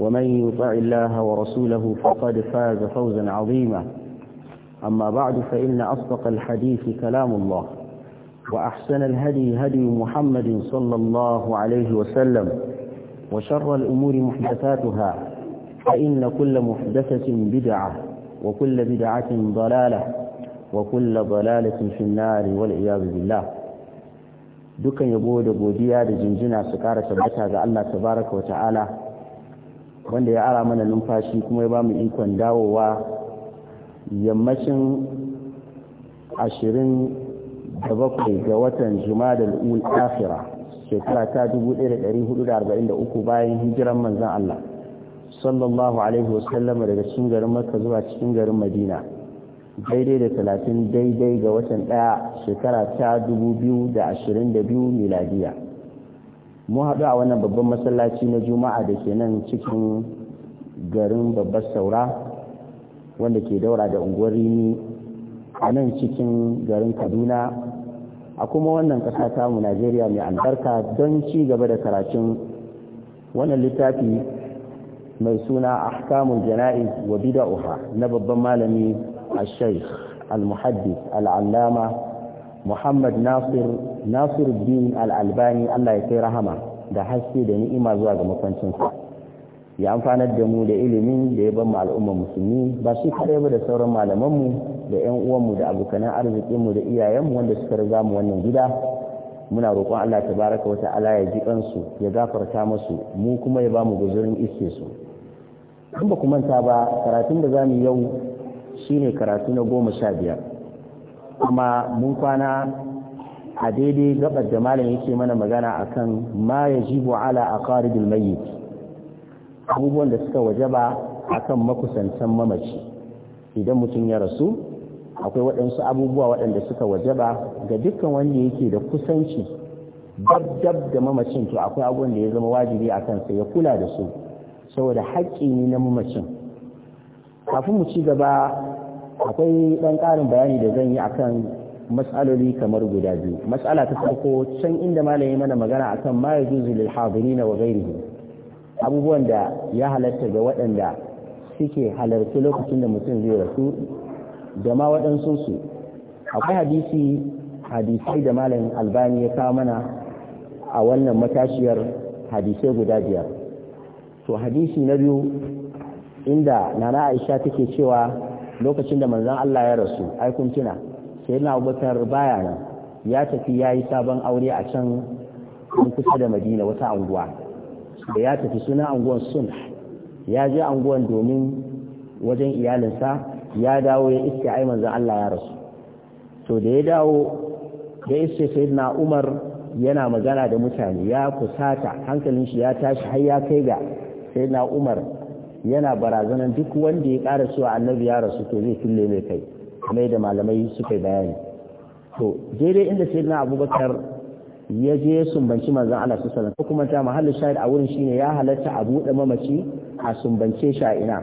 ومن يطع الله ورسوله فقد فاز فوزا عظيما أما بعد فإن أصدق الحديث كلام الله وأحسن الهدي هدي محمد صلى الله عليه وسلم وشر الأمور محدثاتها فإن كل محدثة بدعة وكل بدعة ضلالة وكل ضلالة في النار والعياذ بالله دكا يبود بوديا دجنجنا سكارة jinjina الله تبارك وتعالى wanda ya ara mana numfashi kuma ya ba mu ikon dawowa yammacin ashirin da bakwai ga watan jumadal ul afira shekara ta 1443 bayan hijiran manzan Allah sallallahu alaihi wasallam daga cikin garin Makka zuwa cikin garin Madina daidai da 30 daidai ga watan 1 shekara ta 2022 miladiya mu haɗu a wannan babban masallaci na juma'a da ke nan cikin garin babbar saura wanda ke daura da unguwar rini a nan cikin garin kaduna a kuma wannan ƙasa tamu najeriya mai albarka don ci gaba da karatun wannan littafi mai suna ahkamul jana'iz wa bida'uha na babban malami a shaikh al-muhaddis al-allama Muhammad Nasir bin Al-Albani Allah ya kai rahama da haske da ni'ima zuwa ga sa. ya amfanar da mu da ilimin da ya bar mu al'ummar musulmi ba shi kare ba da sauran mu da 'yan mu da abokanan arzikinmu da iyayenmu wanda suka riga mu wannan gida muna roƙon Allah tabaraka wata'ala ya ji kansu ya gafarta musu mu kuma ya bamu mu guzurin iske su in ba ku manta ba karatun da zamu yau shine karatu na goma sha biyar kuma mun kwana a daidai gabar da malam yake mana magana akan ma yajibu ala aqaribil mayyit abubuwan da suka waje wajaba akan makusantan mamaci idan mutum ya rasu akwai waɗansu abubuwa waɗanda suka waje ba ga dukkan wanda yake da kusanci dab dab da mamacin to akwai abubuwan da ya zama wajibi a kansa ya kula da su saboda haƙƙi ne na mamacin kafin mu ci gaba akwai ɗan ƙarin bayani da zan yi akan matsaloli kamar guda biyu matsala ta farko can inda malami mana magana akan ma ya juzu lil hadirina wa ghairihi abubuwan da ya halarta ga waɗanda suke halarci lokacin da mutum zai rasu da ma waɗansu su akwai hadisi hadisai da malamin albani ya kawo mana a wannan matashiyar hadisai guda biyar to hadisi na biyu inda nana aisha take cewa lokacin da manzan Allah ya rasu ai kun tuna sai na Abubakar baya nan ya tafi ya yi sabon aure a can kusa da Madina wata anguwa da ya tafi suna anguwan sun ya je anguwan domin wajen iyalinsa ya dawo ya iske ai manzan Allah ya rasu to da ya dawo ya iske sai na Umar yana magana da mutane ya kusata hankalin shi ya tashi har ya kai ga sai na Umar yana barazanan duk wanda ya ƙara cewa annabi ya rasu to zai kulle mai kai kamar da malamai suka yi bayani to daidai inda sai na abubakar ya je ya sumbanci manzan Allah su sallallahu kuma ta mahallin shahid a wurin shine ya halatta a buɗe mamaci a sumbance shi a ina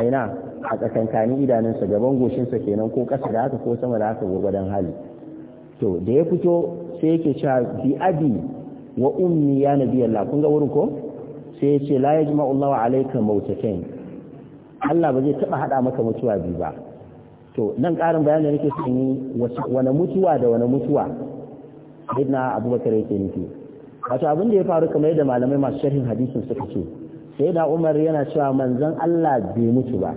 a ina tsakankanin idanunsa gaban goshinsa kenan ko ƙasa da haka ko sama da haka gwagwadon hali to da ya fito sai yake cewa bi abi wa ummi ya nabi kun ga wurin ko sai ya ce la Allah wa alaika Allah ba zai taba hada maka mutuwa biyu ba to nan karin bayani da nake so in yi wani mutuwa da wani mutuwa sayyidina Abubakar yake nufi wato abin da ya faru kamar yadda malamai masu sharhin hadisin suka ce sai da Umar yana cewa manzon Allah bai mutu ba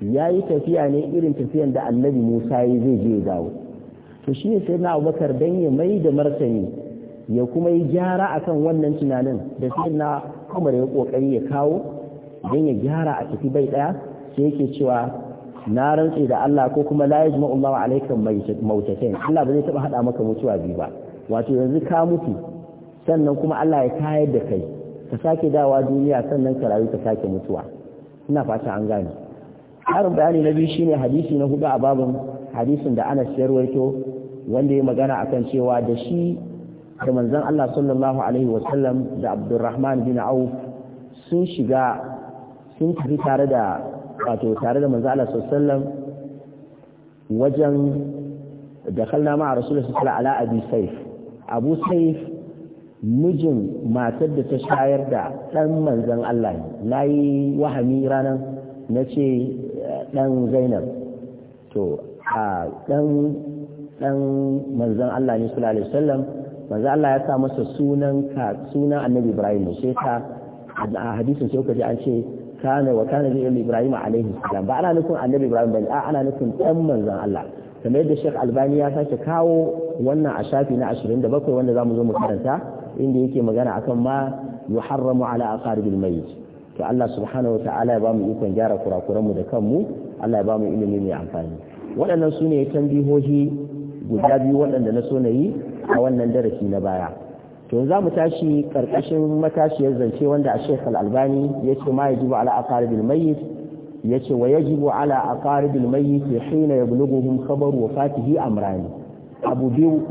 yayi tafiya ne irin tafiyan da annabi Musa yayi zai je dawo to shi ne sai na abubakar dan ya mai da martani ya kuma yi gyara akan wannan tunanin da sai na umar ya kokari ya kawo don ya gyara a tafi bai daya sai yake cewa na rantse da Allah ko kuma la yajma Allahu alaikum mautatain Allah ba zai taba hada maka mutuwa biyu ba wato yanzu ka mutu sannan kuma Allah ya kayar da kai ka sake dawa duniya sannan ka rayu ka sake mutuwa ina fata an gane harin bayani na biyu shine hadisi na hudu a babun hadisin da Anas ya rawaito wanda ya magana akan cewa da shi da manzan Allah sallallahu alaihi wasallam da Abdurrahman bin Auf sun shiga sun tafi tare da wato tare da manzon Allah sallallahu alaihi wasallam wajen dakhalna ma rasulullahi sallallahu alaihi ala abi saif abu saif mijin matar da ta shayar da ɗan manzan Allah ne nayi wahami na ce ɗan Zainab to a ɗan manzan Allah ne sallallahu alaihi wasallam manzo Allah ya sa masa sunan ka sunan annabi Ibrahim sai ka a hadisin sai kaji an ce kana wa kana bi Ibrahim alaihi salam ba ana nufin annabi Ibrahim bane a ana nufin dan manzon Allah kamar yadda Sheikh Albani ya sake kawo wannan a shafi na 27 wanda zamu zo mu karanta inda yake magana akan ma yuharramu ala aqaribil mayyit to Allah subhanahu wata'ala ya bamu ikon gyara kurakuranmu da kanmu Allah ya bamu ilimi mai amfani waɗannan su ne tambihohi guda biyu waɗanda na so na yi a wannan darasi na baya to za mu tashi karkashin matashiyar zance wanda a shekh al-albani ya ce ma ya jibu ala aqaribil mayyit ya ce wa yajibu ala aqaribil mayyit hina yablughuhum khabaru wafatihi amrani abu biyu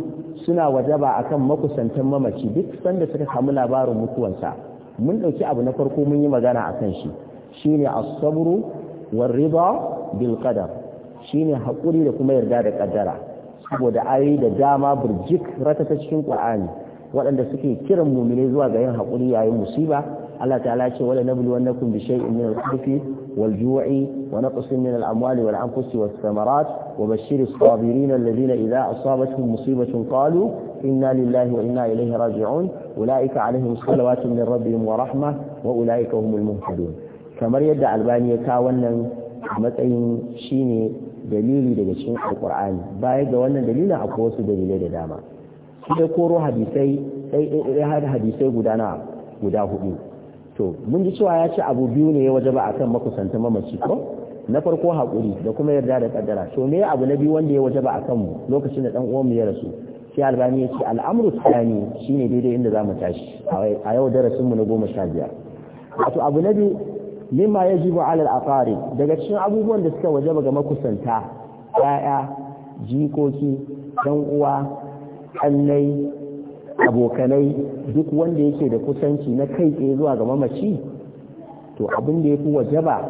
suna wajaba akan makusantan mamaci duk sanda suka samu labarin mutuwansa mun dauki abu na farko mun yi magana akan shi shine as-sabru war-rida bil qadar shine hakuri da kuma yarda da kaddara saboda ayoyi da dama burjik ratata cikin qur'ani waɗanda suke kiran mumine zuwa ga yin haƙuri yayin musiba Allah ta'ala ce wala nabluwannakum bi shay'in min al-khawfi wal ju'i wa naqsin min al-amwali wal anfusi was samarat wa bashshir as-sabirin alladhina idha asabatuhum musibatun qalu inna lillahi wa inna ilayhi raji'un ulaika alaihim salawatun min rabbihim wa rahmah wa ulaika humul muhtadun kamar yadda albani ya ka wannan matsayin shine dalili daga cikin alkur'ani baya ga wannan dalilin akwai wasu dalilai da dama shi da koro hadisai har hadisai guda guda hudu to mun ji cewa ya ce abu biyu ne ya waje ba akan makusanta mamaci ko na farko haƙuri da kuma yarda da kaddara to me abu na biyu wanda ya waje ba akan mu lokacin da dan uwan mu ya rasu shi albani ya ce al'amru tsani shine daidai inda za mu tashi a yau darasin mu na goma sha biyar wato abu na biyu mimma yajibu ala al fari daga cikin abubuwan da suka wajaba ga makusanta ya'ya jikoki dan uwa annai abokanai duk wanda yake da kusanci na kai tsaye zuwa ga mamaci to abin da fi wajaba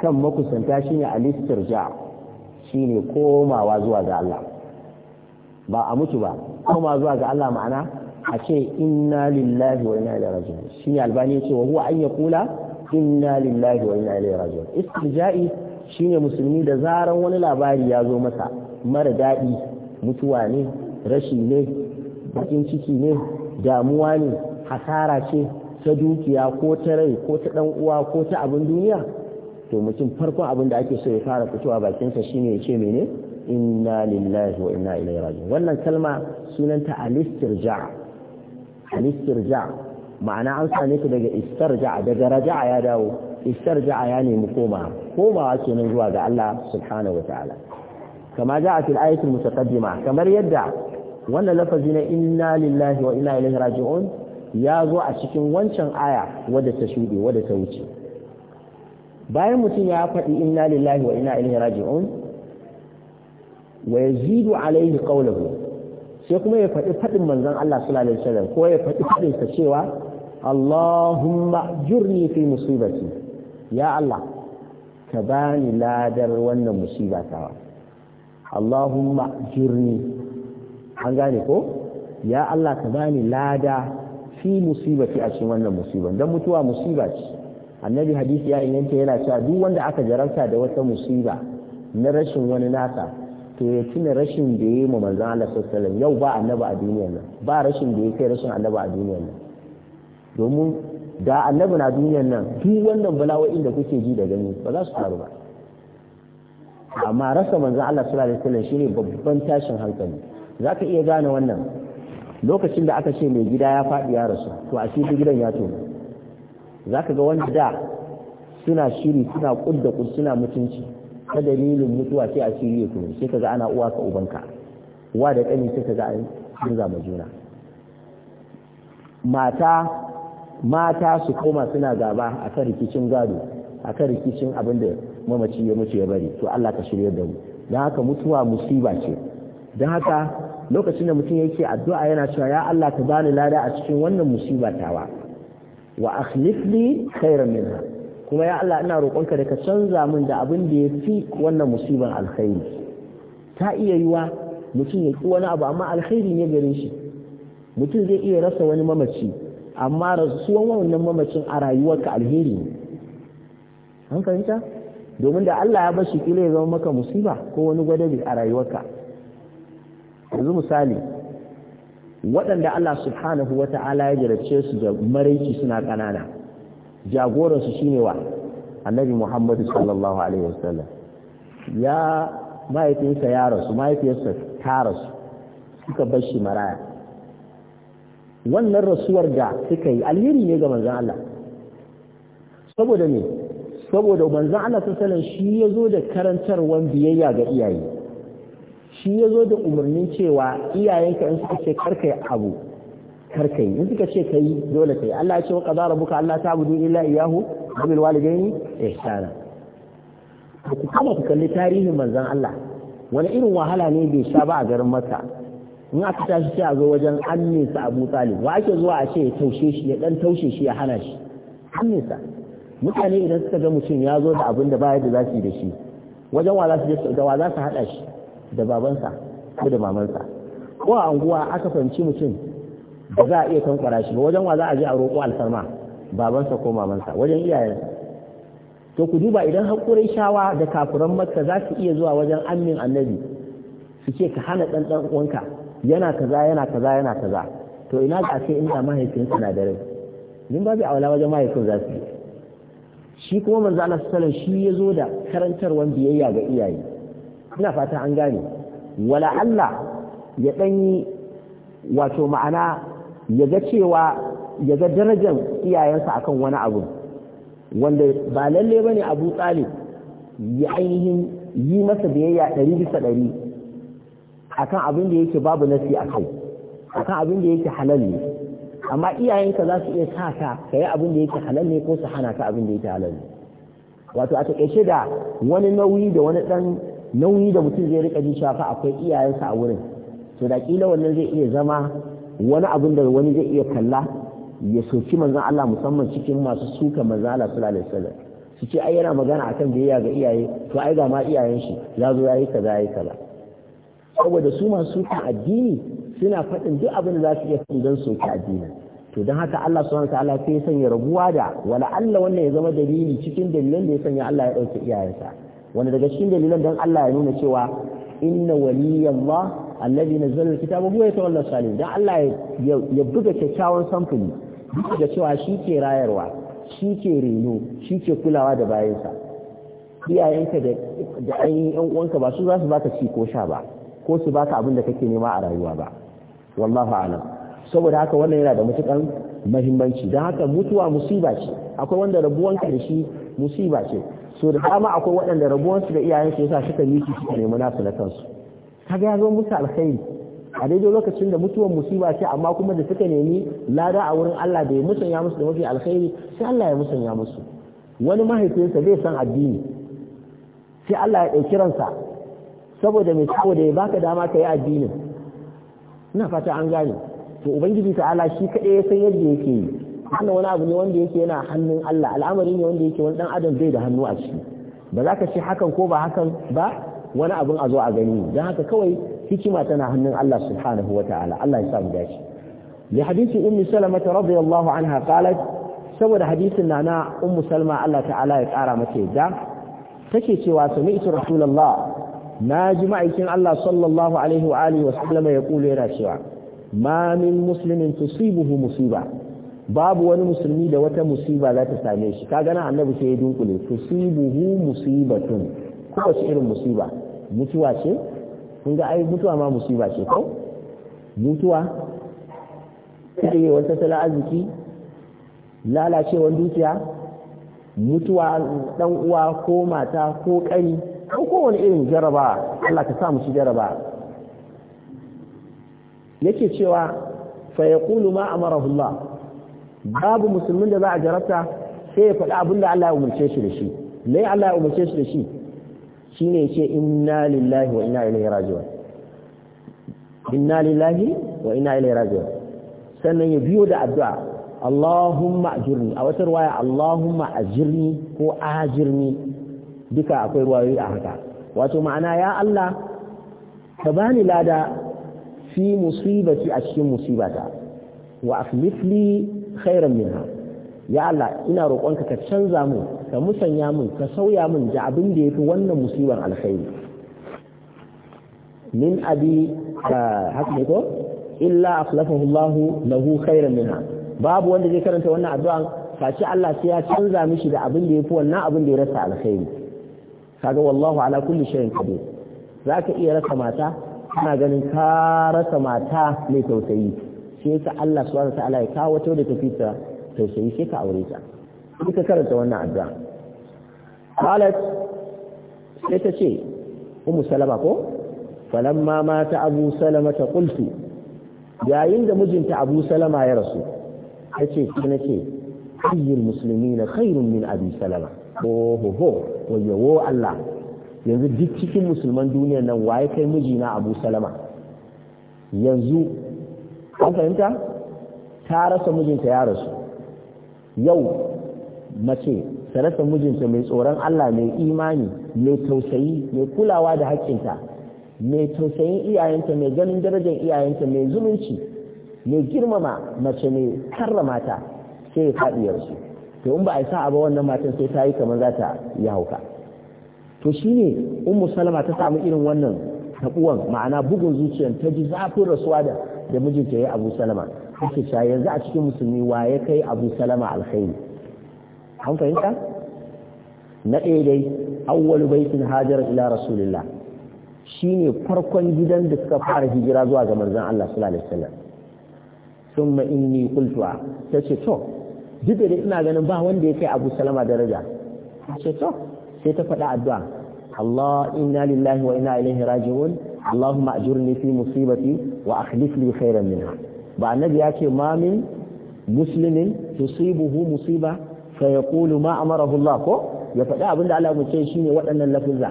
kan makusanta shine al ja shine komawa zuwa ga Allah ba a mutu ba koma zuwa ga Allah ma'ana a ce inna lillahi wa inna ilaihi raji'un shine albani yace wa huwa an kula. inna lillahi wa inna ilaihi raji'un istijai shine musulmi da zaran wani labari ya zo masa mara daɗi mutuwa ne rashi ne bakin ciki ne damuwa ne hasara ce ta dukiya ko ta rai ko ta ɗan uwa ko ta abin duniya to mutum farkon abin da ake so ya fara fitowa bakinsa shine ya ce mene inna lillahi wa inna ilaihi raji'un wannan kalma sunanta alistirja alistirja ma'ana an same su daga istarja daga raja'a ya dawo istarja ya nemi koma komawa kenan zuwa ga Allah subhanahu wa ta'ala kama ja'a fil ayati mutaqaddima kamar yadda wannan lafazi na inna lillahi wa inna ilaihi raji'un ya zo a cikin wancan aya wadda ta shuɗe wadda ta wuce bayan mutum ya faɗi inna lillahi wa inna ilaihi raji'un wa yazidu alayhi qawluhu sai kuma ya faɗi faɗin manzon Allah sallallahu alaihi wasallam ko ya faɗi faɗin sa cewa Allahumma jurni fi musibati ya Allah ka bani ladar wannan musiba tawa Allahumma jurni an gane ko ya Allah ka bani lada fi musibati a cikin wannan musiban dan mutuwa musiba ce annabi hadisi ya inganta yana cewa duk wanda aka jarabta da wata musiba na rashin wani nasa to ya tuna rashin da ya yi ma manzon Allah sallallahu alaihi wasallam yau ba annabi a duniyar nan ba rashin da ya kai rashin annabi a duniyar nan domin da annabi na duniyar nan duk wannan bala'o'in da kuke ji da gani ba za su faru ba amma rasa manzon Allah sallallahu alaihi wasallam shine babban tashin hankali zaka iya gane wannan lokacin da aka ce mai gida ya faɗi ya rasu to a shi gidan ya to zaka ga wanda da suna shiri suna kudda kud suna mutunci ta dalilin mutuwa sai a shiri ya sai kaga ana uwa ka ubanka uwa da kani sai kaga an zama juna mata mata su koma suna gaba kan rikicin gado akan rikicin abin da mamaci ya mutu ya bari to Allah ka shirya da mu don haka mutuwa musiba ce don haka lokacin da mutum yake addu'a yana cewa ya Allah ka bani lada a cikin wannan musiba tawa wa akhlif li khairan minha kuma ya Allah ina roƙonka da ka canza min da abin da yafi wannan musiban alkhairi ta iya yiwa mutum ya ki wani abu amma alkhairi ne garin shi mutum zai iya rasa wani mamaci amma rasuwan wannan mamacin a rayuwarka alheri ne an fahimta domin da Allah ya bashi kila ya zama maka musiba ko wani gwadabi a rayuwarka yanzu misali waɗanda Allah subhanahu wa ta'ala ya jarabce su da maraici suna ƙanana jagoransu shine wa annabi muhammadu sallallahu alaihi wasallam ya mahaifinsa ya rasu mahaifiyarsa ta rasu suka bashi maraya wannan rasuwar da suka yi alheri ne ga manzan Allah saboda ne saboda manzan Allah sassanin shi ya zo da karantarwar biyayya ga iyaye shi ya zo da umarnin cewa iyayenka in suka ce karkai abu karkai in suka ce kai dole kai Allah ya ce wa ƙazara buka Allah ta budu illa iyahu wa walidai walidaini ihsana ku kama ku kalli tarihin manzan Allah wani irin wahala ne bai sha ba a garin mata. in aka tashi sai a zo wajen an nesa abu talib wa ake zuwa a ce ya taushe shi ya dan taushe shi ya hana shi an nesa mutane idan suka ga mutum ya zo da abin da baya da za su yi da shi wajen wa za su je da wa za su haɗa shi da babansa ko da mamansa ko a anguwa aka fahimci mutum ba za a iya tankwara shi ba wajen wa za a je a roƙo alfarma babansa ko mamansa wajen iyayensa to ku duba idan hakurai shawa da kafuran makka za su iya zuwa wajen amin annabi su ce ka hana ɗanɗan wanka. uwanka yana kaza yana kaza yana kaza to ina ga ce inda mahaifinsa na da rai min babu wala wajen mahaifin za su shi kuma manzo Allah sallallahu shi ya zo da karantarwar biyayya ga iyaye ina fata an gane wala Allah ya danyi wato ma'ana ya ga cewa ya ga darajar iyayensa akan wani abu wanda ba lalle bane Abu Talib ya ainihin yi masa biyayya ɗari bisa ɗari akan abin da yake babu nasi a kai akan abin da yake halal ne amma iyayenka za su iya sa ka ka abin da yake halal ne ko su hana ka abin da yake halal ne wato a taƙaice da wani nauyi da wani ɗan nauyi da mutum zai riƙa jin shafa akwai iyayensa a wurin to da ƙila wannan zai iya zama wani abin da wani zai iya kalla ya soki manzon Allah musamman cikin masu suka manzon Allah sallallahu alaihi wasallam su ce ai yana magana akan biyayya ga iyaye to ai ga ma iyayen shi ya zo yayi kaza yayi kaza saboda su masu addini suna faɗin duk abin da za su iya faɗi don soki addini to don haka Allah subhanahu wa ta'ala sai ya sanya rabuwa da wala Allah wannan ya zama dalili cikin dalilan da ya sanya Allah ya ɗauke iyayensa wanda daga cikin dalilan don Allah ya nuna cewa inna waliyallah alladhi nazzala alkitaba huwa yatawalla salihin dan Allah ya buga kyakkyawan samfuri duk da cewa shi ke rayarwa shi ke reno shi ke kulawa da bayansa iyayenka da ainihin yan uwanka ba su za su baka ci ko sha ba ko su baka abin da kake nema a rayuwa ba wallahu alam saboda haka wannan yana da matukan mahimmanci dan haka mutuwa musiba ce akwai wanda rabuwan ka da shi musiba ce so da dama akwai waɗanda su da iyayen su yasa suka miki suka nemi nasu na kansu kaga ya zo musu alkhairi a daidai lokacin da mutuwar musiba ce amma kuma da suka nemi lada a wurin Allah da ya musanya musu da mafi alkhairi sai Allah ya musanya musu wani mahaifinsa zai san addini sai Allah ya ɗauki ransa saboda mai saboda ya baka dama ka yi addinin ina fata an gane to ubangiji ta'ala shi kaɗai ya san yadda yake yi wannan wani abu ne wanda yake yana hannun Allah al'amari ne wanda yake wani dan adam bai da hannu a ciki ba za ka ce hakan ko ba hakan ba wani abin a zo a gani don haka kawai hikima tana hannun Allah subhanahu wa ta'ala Allah ya sa mu dace li hadisi ummi salama radiyallahu anha qalat saboda hadisin nana ummu salma Allah ta'ala ya kara mata yadda take cewa sami'tu rasulullah na ji ma'aikin Allah sallallahu alaihi wa alihi wa sallama ya kula yana cewa ma min muslimin tusibuhu musiba babu wani musulmi da wata musiba za ta same shi kaga nan annabi sai ya dunkule tusibuhu musibatun wace irin musiba mutuwa ce kun ga ai mutuwa ma musiba ce ko mutuwa wata tattalin arziki lalacewar dukiya mutuwa dan uwa ko mata ko kani an kowane irin jaraba Allah ka sa mu jaraba yake cewa fa kulu ma amarahu Allah babu musulmin da za a jarabta sai ya faɗi abin da Allah ya umarce shi da shi lai Allah ya umarce shi da shi shine ce inna lillahi wa inna ilaihi raji'un inna lillahi wa inna ilaihi raji'un sannan ya biyo da addu'a Allahumma ajirni a wata ruwaya Allahumma ajirni ko ajirni duka akwai ruwayoyi a haka wato ma'ana ya Allah ka bani lada fi musibati a cikin musibata wa aslif khairan minha ya Allah ina roƙonka ka canza mu ka musanya mun ka sauya mun da abin da yafi wannan musibar alkhairi min abi ah, haka ne ko illa aflafahu Allah lahu khairan minha babu wanda zai karanta wannan addu'a face Allah sai ya canza mishi da abin da yafi wannan abin da ya rasa alkhairi kaga wallahu ala kulli shay'in za zaka iya rasa mata kana ganin ka rasa mata mai tausayi shi yasa Allah subhanahu ta'ala ya kawo ta da tafita tausayi sai ka aure ta ka karanta wannan addu'a qalat sai ta ce ummu salama ko falamma mata abu salama ta qultu yayin da mijinta abu salama ya rasu tace ce nace ayyul muslimina khairun min abi salama ohoho wayewo Allah yanzu duk cikin musulman duniyar nan waye kai mijina abu salama yanzu an fahimta ta rasa mijinta ya rasu yau mace ta rasa mijinta mai tsoron Allah mai imani mai tausayi mai kulawa da haƙƙinta mai tausayin iyayenta mai ganin darajar iyayenta mai zumunci mai girmama mace mai karramata sai ya faɗi yarsu to in ba a yi sa'a ba wannan matan sai ta yi kamar za ta yi hauka to shi ne in musalama ta samu irin wannan tabuwan ma'ana bugun zuciyar ta ji zafin rasuwa da da mijinta ya yi abu salama take cewa yanzu a cikin musulmi wa ya kai abu salama alkhairi an fahimta na ɗaya dai awwalu baitin hajar ila rasulillah shine farkon gidan da suka fara hijira zuwa ga manzon Allah sallallahu alaihi wasallam thumma inni qultu ce to duk da ina ganin ba wanda ya kai abu salama daraja ce to sai ta faɗa addu'a Allah inna lillahi wa inna ilaihi raji'un Allahumma ajurni fi musibati wa akhlif li khairan minha ba annabi ya ce ma min muslimin tusibuhu musiba fa yaqulu ma amarahu Allah ko ya faɗi abinda Allah mu ce shine waɗannan lafuzza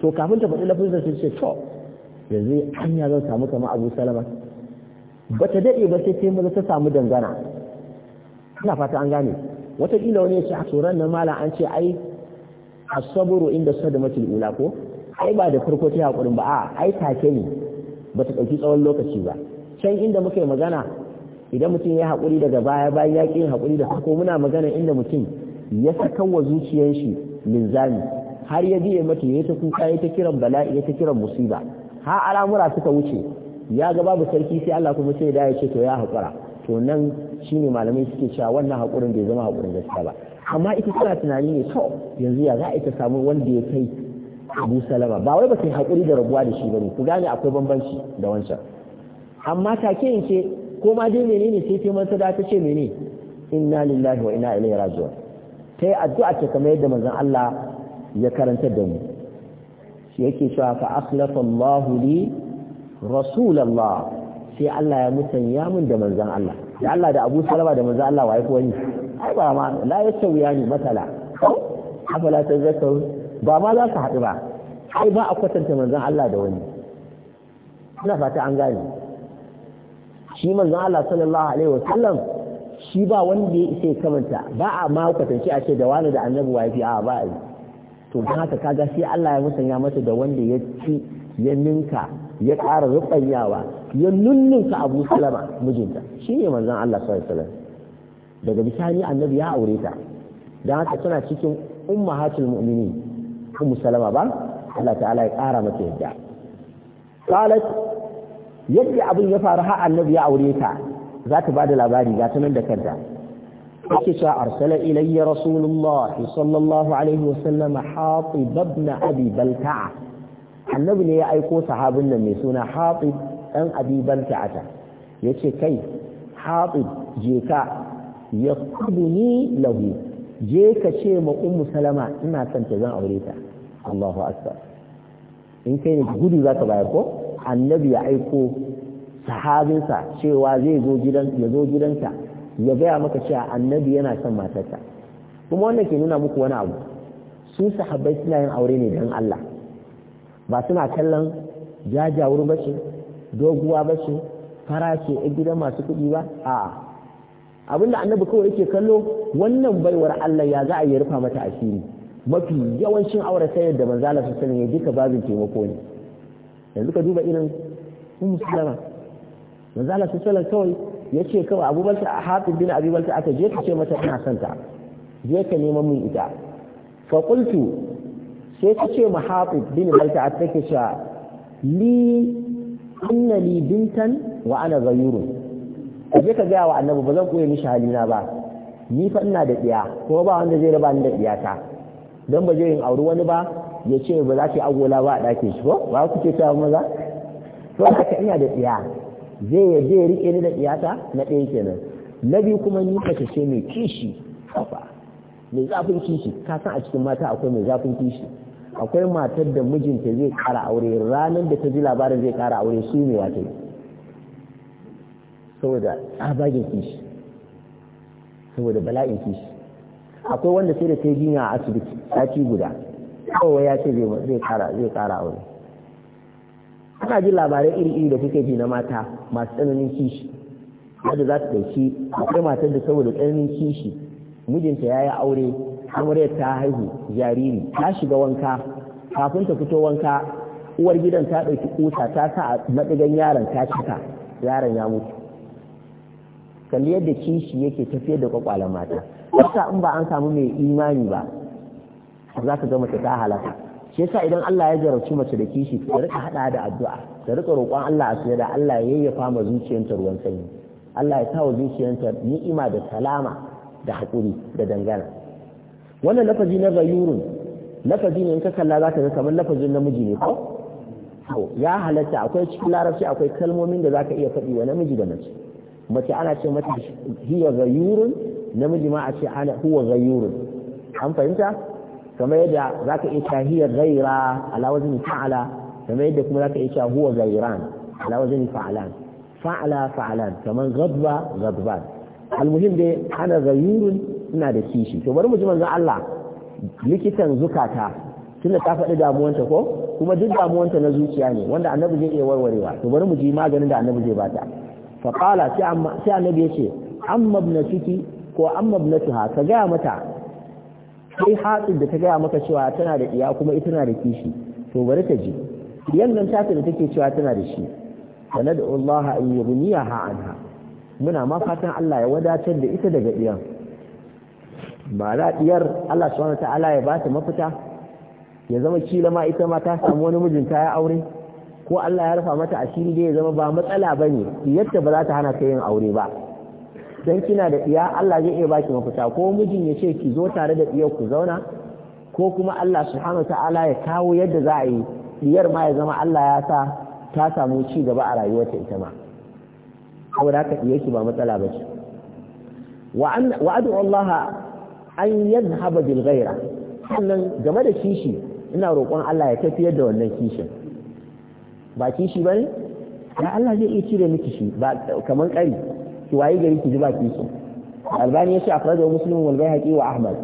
to kafin ta faɗi lafuzza sai ce to yanzu anya zan samu kamar Abu Salama bata dade ba sai sai maza ta samu dangana ina fata an gane wataƙila wani ya ce a tsoron na mala an ce ai asaburu inda sadamatul ula ko ai ba da farko ta hakurin ba a ai take ne ba ta ɗauki tsawon lokaci ba can inda muka yi magana idan mutum ya haƙuri daga baya bayan ya ƙi yin haƙuri da farko muna magana inda mutum ya sakan wa zuciyar shi linzami har ya biye mata ya ta kuka ya ta kiran bala'i ya ta kiran musiba har al'amura suka wuce ya ga babu sarki sai Allah kuma sai da ya ce to ya haƙura to nan shi ne malamai suke cewa wannan haƙurin bai zama haƙurin gaskiya ba amma ita tana tunani ne to yanzu ya za a ita samu wanda ya kai abu salama ba wai ba ta yi haƙuri da rabuwa da shi ba ne ku gane akwai bambanci da wancan amma take in ce ko ma dai menene sai ta ta ce mene inna lillahi wa inna ilaihi raji'un ta yi addu'a ta kamar yadda manzon Allah ya karanta da mu shi yake cewa fa akhlafa Allahu li rasulallah sai Allah ya musanya mun da manzan Allah da Allah da Abu Salama da manzan Allah wa wani ai ba ma la yasawiya ni masala afala tazakkaru ba ma za ka haɗu ba ai ba a kwatanta manzan Allah da wani ina fata an gane shi manzan Allah sallallahu alaihi wa sallam shi ba wanda ya isa kamanta ba a ma kwatanci a ce da wani da annabi wa yafi a ba a yi to don haka kaga sai Allah ya musanya masa da wanda ya ci ya ninka ya ƙara ruɓanyawa ya nunnunka abu salama mijinta shi ne manzan Allah sallallahu daga bisani annabi ya aure ta don haka tana cikin ummahatul mu'minin ummu salama ba Allah ta'ala ya ƙara mata yadda qalat yadda abin ya faru ha annabi ya aure ta za ta bada labari ga ta nan da kanta yake cewa arsala ilayya rasulullah sallallahu alaihi wasallam hatib ibn abi balta'a annabi ne ya aiko sahabin nan mai suna ɗan dan abi ya yace kai hatib je ka ya ni lahu je ka ce ma ummu salama ina son ta zan aure ta Allahu akbar in kai ne gudu za zaka bayar ko annabi ya aiko sahabinsa cewa zai zo gidan ya zo gidanta ya gaya maka cewa annabi yana son matarsa kuma wannan ke nuna muku wani abu su sahabbai suna yin aure ne don Allah ba suna kallon jajawur ba ce doguwa ba ce fara ce a gidan masu kuɗi ba a abinda annabi kawai yake kallo wannan baiwar Allah ya za a yi rufa mata asiri mafi yawancin aure sai da manzo Allah sallallahu alaihi duka babin taimako ne yanzu ka duba irin ummu musulma manzo Allah sallallahu kawai yace kawai Abu Bakar Hatib bin Abi Bakar aka je ka ce mata ina son ta je ka neman min ita fa qultu sai ta ce mahabib bin a take cewa li inna li bintan wa ana ghayurun kaje ka ga wa annabi ba zan koya mishi halina ba ni fa ina da diya kuma ba wanda zai raba ni da ta dan ba zai yin auri wani ba ya ce ba za ki agola ba a ɗakin shi ko ba ku ce ta maza to ka ina da diya zai ya zai rike ni da ta na ɗaya kenan na biyu kuma ni ka ce mai kishi kafa mai zafin kishi ka san a cikin mata akwai mai zafin kishi akwai matar da mijinta zai kara aure ranar da ta ji labarin zai kara aure su ne wata yi saboda abagen kishi saboda bala'in kishi akwai wanda sai da ta yi a asibiti sati guda kawai ya ce zai kara zai kara aure ana ji labarai iri-iri da kuke ji na mata masu tsananin kishi wadda za ta ɗauki akwai matar da saboda tsananin kishi mijinta ya yi aure amaryar ta haihu jariri ta shiga wanka kafin ta fito wanka uwar gidan ta ɗauki kuta ta sa a maɗigan yaron ta cika yaron ya mutu kalli yadda kishi yake tafiyar da kwakwalan mata wata in ba an samu mai imani ba za ka ga mace ta halaka shi yasa idan Allah ya jarabci mace da kishi ta rika hada da addu'a ta rika roƙon Allah a da Allah ya yi fama zuciyarta ruwan sanyi Allah ya kawo zuciyarta ni'ima da salama da haƙuri da dangana wannan lafazi na gayurun lafazi ne in ka kalla za ka ga kamar lafazin namiji ne ko ya halatta akwai cikin larabci akwai kalmomin da za ka iya faɗi wa namiji da mace mace ana ce mata hiya gayurun namiji ma a ce ana huwa gayurun an fahimta kamar yadda za ka iya ta hiya gaira ala wazni fa'ala kamar yadda kuma za ka iya ta huwa gairan ala wazni fa'alan fa'ala fa'alan kamar gadba gadban المهم dai انا غيور ina da kishi to bari mu ji manzon Allah likitan zukata tunda ta faɗi damuwanta ko kuma duk damuwanta na zuciya ne wanda annabi zai iya warwarewa to bari mu ji maganin da annabi zai bata fa qala sai amma sai annabi yace amma ibnatuki ko amma ibnatuha ka ga mata sai hatsin da ta gaya maka cewa tana da iya kuma ita na da kishi to bari ta ji yan nan ta da take cewa tana da shi wa nad'u Allah an anha muna ma fatan Allah ya wadatar da ita daga iyan ba za diyar Allah ta'ala ya ba ta mafita ya zama kila ma ita ma ta samu wani mijinta ya aure ko Allah ya rufa mata asiri dai ya zama ba matsala bane yadda ba za ta hana ka yin aure ba dan kina da ɗiya Allah zai iya baki mafita ko mijin ya ce ki zo tare da ɗiyar ku zauna ko kuma Allah subhanahu ta'ala ya kawo yadda za a yi diyar ma ya zama Allah ya sa ta samu ci gaba a rayuwarta ita ma saboda ka ki ba matsala bace wa Allah an yanhaba bil ghaira sannan game da kishi ina roƙon Allah ya tafiyar da wannan kishin ba kishi bane dan Allah zai iya cire miki shi ba kaman kari ki waye gari ki ji ba kishi albani yace afrajahu muslim wal bayhaqi wa ahmad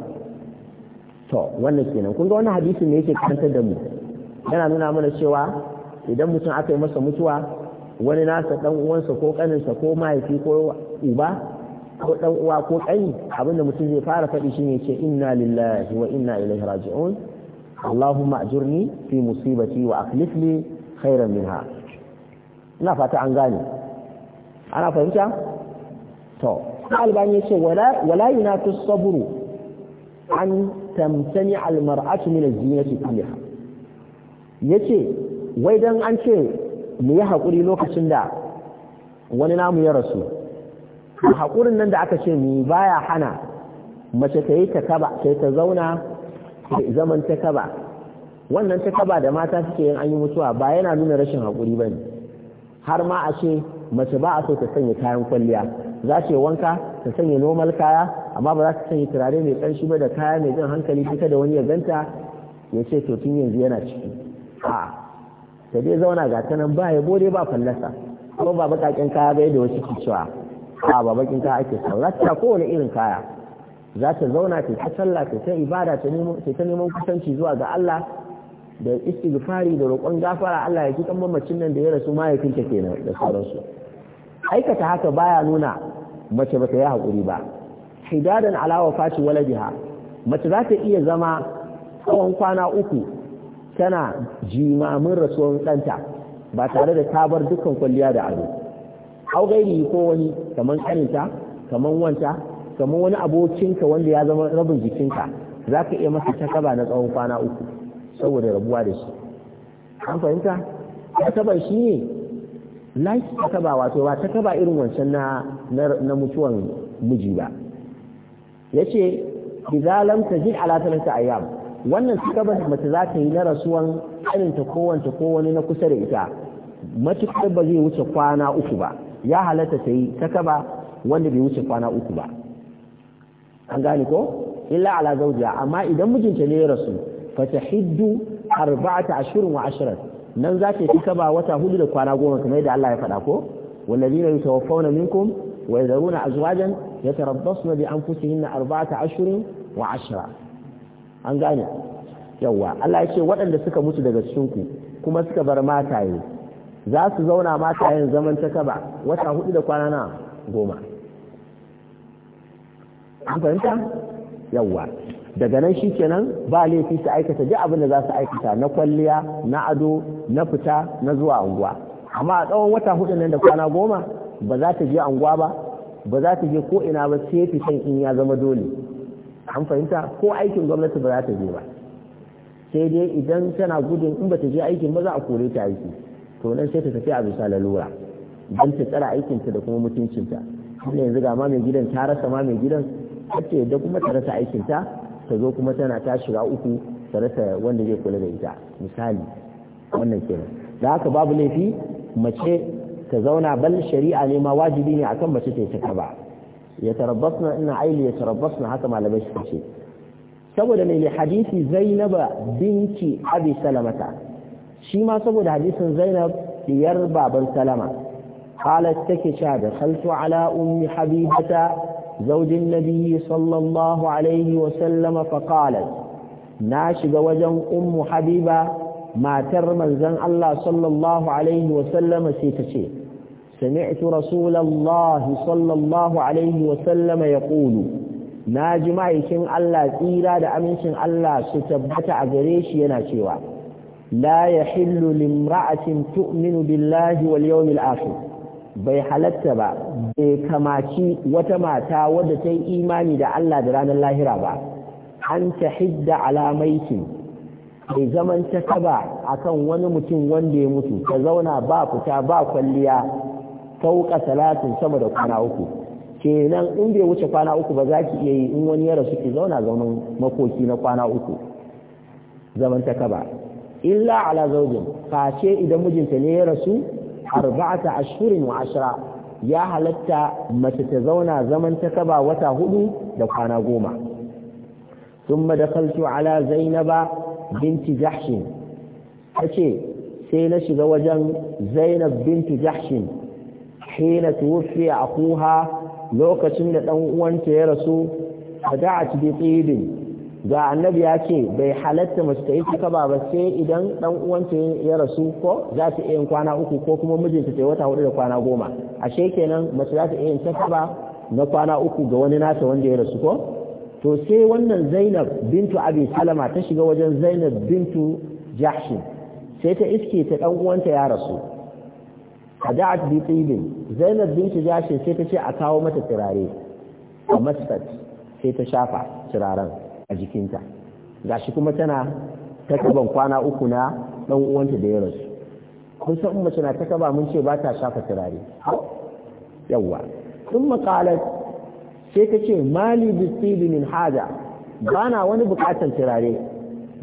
to wannan kenan kun ga wannan hadisi ne yake kantar da mu yana nuna mana cewa idan mutum aka yi masa mutuwa wani nasa dan uwansa ko kaninsa ko mahaifi ko uba ko dan uwa ko kai abinda mutum zai fara faɗi shine ce inna lillahi wa inna ilaihi raji'un Allahumma ajurni fi musibati wa akhlif li khairan minha ina fata an gane ana fahimta to albani yace wala wala yunatu sabru an tamtani al mar'atu min al zinati kulliha yace wai dan an ce mu yi hakuri lokacin da wani namu ya rasu haƙurin nan da aka ce mi baya hana mace ta yi ta kaba sai ta zauna zaman ta kaba wannan ta kaba da mata suke yin an yi mutuwa ba yana nuna rashin hakuri ba ne har ma a ce mace ba a so ta sanya kayan kwalliya za ce wanka ta sanya normal kaya amma ba za ta sanya turare mai ƙarshi ba da kaya mai jan hankali fita da wani ya ganta ya ce to tun yanzu yana ciki a ta dai zauna ga ta nan ba ya bore ba fallasa kuma ba baƙaƙen kaya ga yadda wasu ke cewa a ba bakin ta ake sa za ta kowane irin kaya za ta zauna ta ta sallah ta ta ibada ta ta neman kusanci zuwa ga Allah da istighfari da roƙon gafara Allah ya ji kan mamacin nan da ya rasu mahaifinta kenan da sauransu aikata haka baya nuna mace ba ta yi haƙuri ba hidadan alawa faci waladiha mace za ta iya zama tsawon kwana uku tana jimamin rasuwar ɗanta ba tare da ta bar dukkan kwalliya da ado hau gairi ko wani kaman karinta kaman wanta kaman wani abokinka wanda ya zama rabin jikinka za ka iya masa takaba na tsawon kwana uku saboda rabuwa da shi an fahimta kaba shi ne lafi kaba wato ba ta kaba irin wancan na na mutuwan miji ba ya ce idza lam tajid ala a ayyam wannan takaba da mace za ta yi na rasuwan karinta ko wanta ko wani na kusa da ita matukar ba zai wuce kwana uku ba ya halatta ta yi ta kaba wanda bai wuce kwana uku ba an gane ko illa ala zaujiya amma idan mijinta ne ya rasu fatahiddu arba'ata ashirin wa ashirin nan za ta yi kaba wata hudu da kwana goma kamar yadda Allah ya faɗa ko wallazina yatawaffawna minkum wa yadhuruna azwajan yatarabbasna bi anfusihinna arba'ata ashirin wa ashira an gane yawa Allah ya ce waɗanda suka mutu daga cikin ku kuma suka bar mataye za su zauna mata yin zaman ta kaba wata hudu da kwana na goma an fahimta yawwa daga nan shi kenan ba laifi su aikata ji abin da za su aikata na kwalliya na ado na fita na zuwa unguwa amma a tsawon wata hudu nan da kwana goma ba za ta je unguwa ba ba za ta je ko ina ba sai fitan in ya zama dole an fahimta ko aikin gwamnati ba za ta je ba sai dai idan tana gudun in ba ta je aikin ba za a kore ta aiki to nan sai ta tafi a bisa lalura don ta tsara aikinta da kuma mutuncinta tunda yanzu ga ma mai gidan ta rasa ma mai gidan ta yadda kuma ta rasa aikinta ta zo kuma tana ta shiga uku ta rasa wanda zai kula da ita misali wannan kenan da haka babu laifi mace ta zauna bal shari'a ne ma wajibi ne akan mace ta yi ba ya tarabbasna ina aili ya tarabbasna haka malamai suka ce saboda mai hadisi zainaba binci abi salamata shi ma saboda hadisin zainab diyar baban salama halar take sha da saltu ala ummi habibata zaujin nabiyyi sallallahu alaihi wa sallama faqalat na shiga wajen ummu habiba matar manzon Allah sallallahu alaihi wa sallama sai ta ce سمعت رسول الله صلى الله عليه وسلم يقول ناجمعكم Allah tsira da amincin Allah su tabbata a gare shi yana cewa لا يحل لامرأة tu'minu billahi واليوم الآخر bai halatta ba bai kamaci wata mata wadda ta yi imani da Allah da ranar lahira ba an ta hidda alamaikin bai zaman ta kaba kan wani mutum wanda ya mutu ta zauna ba fita ba kwalliya fauka salatin sama da kwana uku kenan in bai wuce kwana uku ba za ki iya yi in wani ya rasu ki zauna zaunin makoki na kwana uku zaman ta kaba illa ala zaujin face idan mijinta ne ya rasu arba'ata ashirin wa ashira ya halatta mace ta zauna zaman ta wata hudu da kwana goma sun madakaltu ala zainaba binti jahshin ta ce sai na shiga wajen zainab binti jahshin hina tuwufi a kuha lokacin da ɗan uwanta ya rasu a da'at bi ga annabi ya ce bai halatta mace ta yi ba sai idan dan uwanta ya rasu ko za ta iya yin kwana uku ko kuma mijinta ta wata hudu da kwana goma ashe kenan mace za ta iya yin ba na kwana uku ga wani nata wanda ya rasu ko to sai wannan Zainab bintu Abi Salama ta shiga wajen Zainab bintu jahshi sai ta iske ta dan uwanta ya rasu hada'at bi tibin Zainab bintu jahshi sai ta ce a kawo mata tirare a masfat sai ta shafa tiraren a jikinta ga shi kuma tana takaban kwana uku na ɗan uwanta da ya rasu kun san mace na takaba mun ce ba ta shafa turare yawa sun makalar sai ta ce mali bisili min haja ba na wani bukatan turare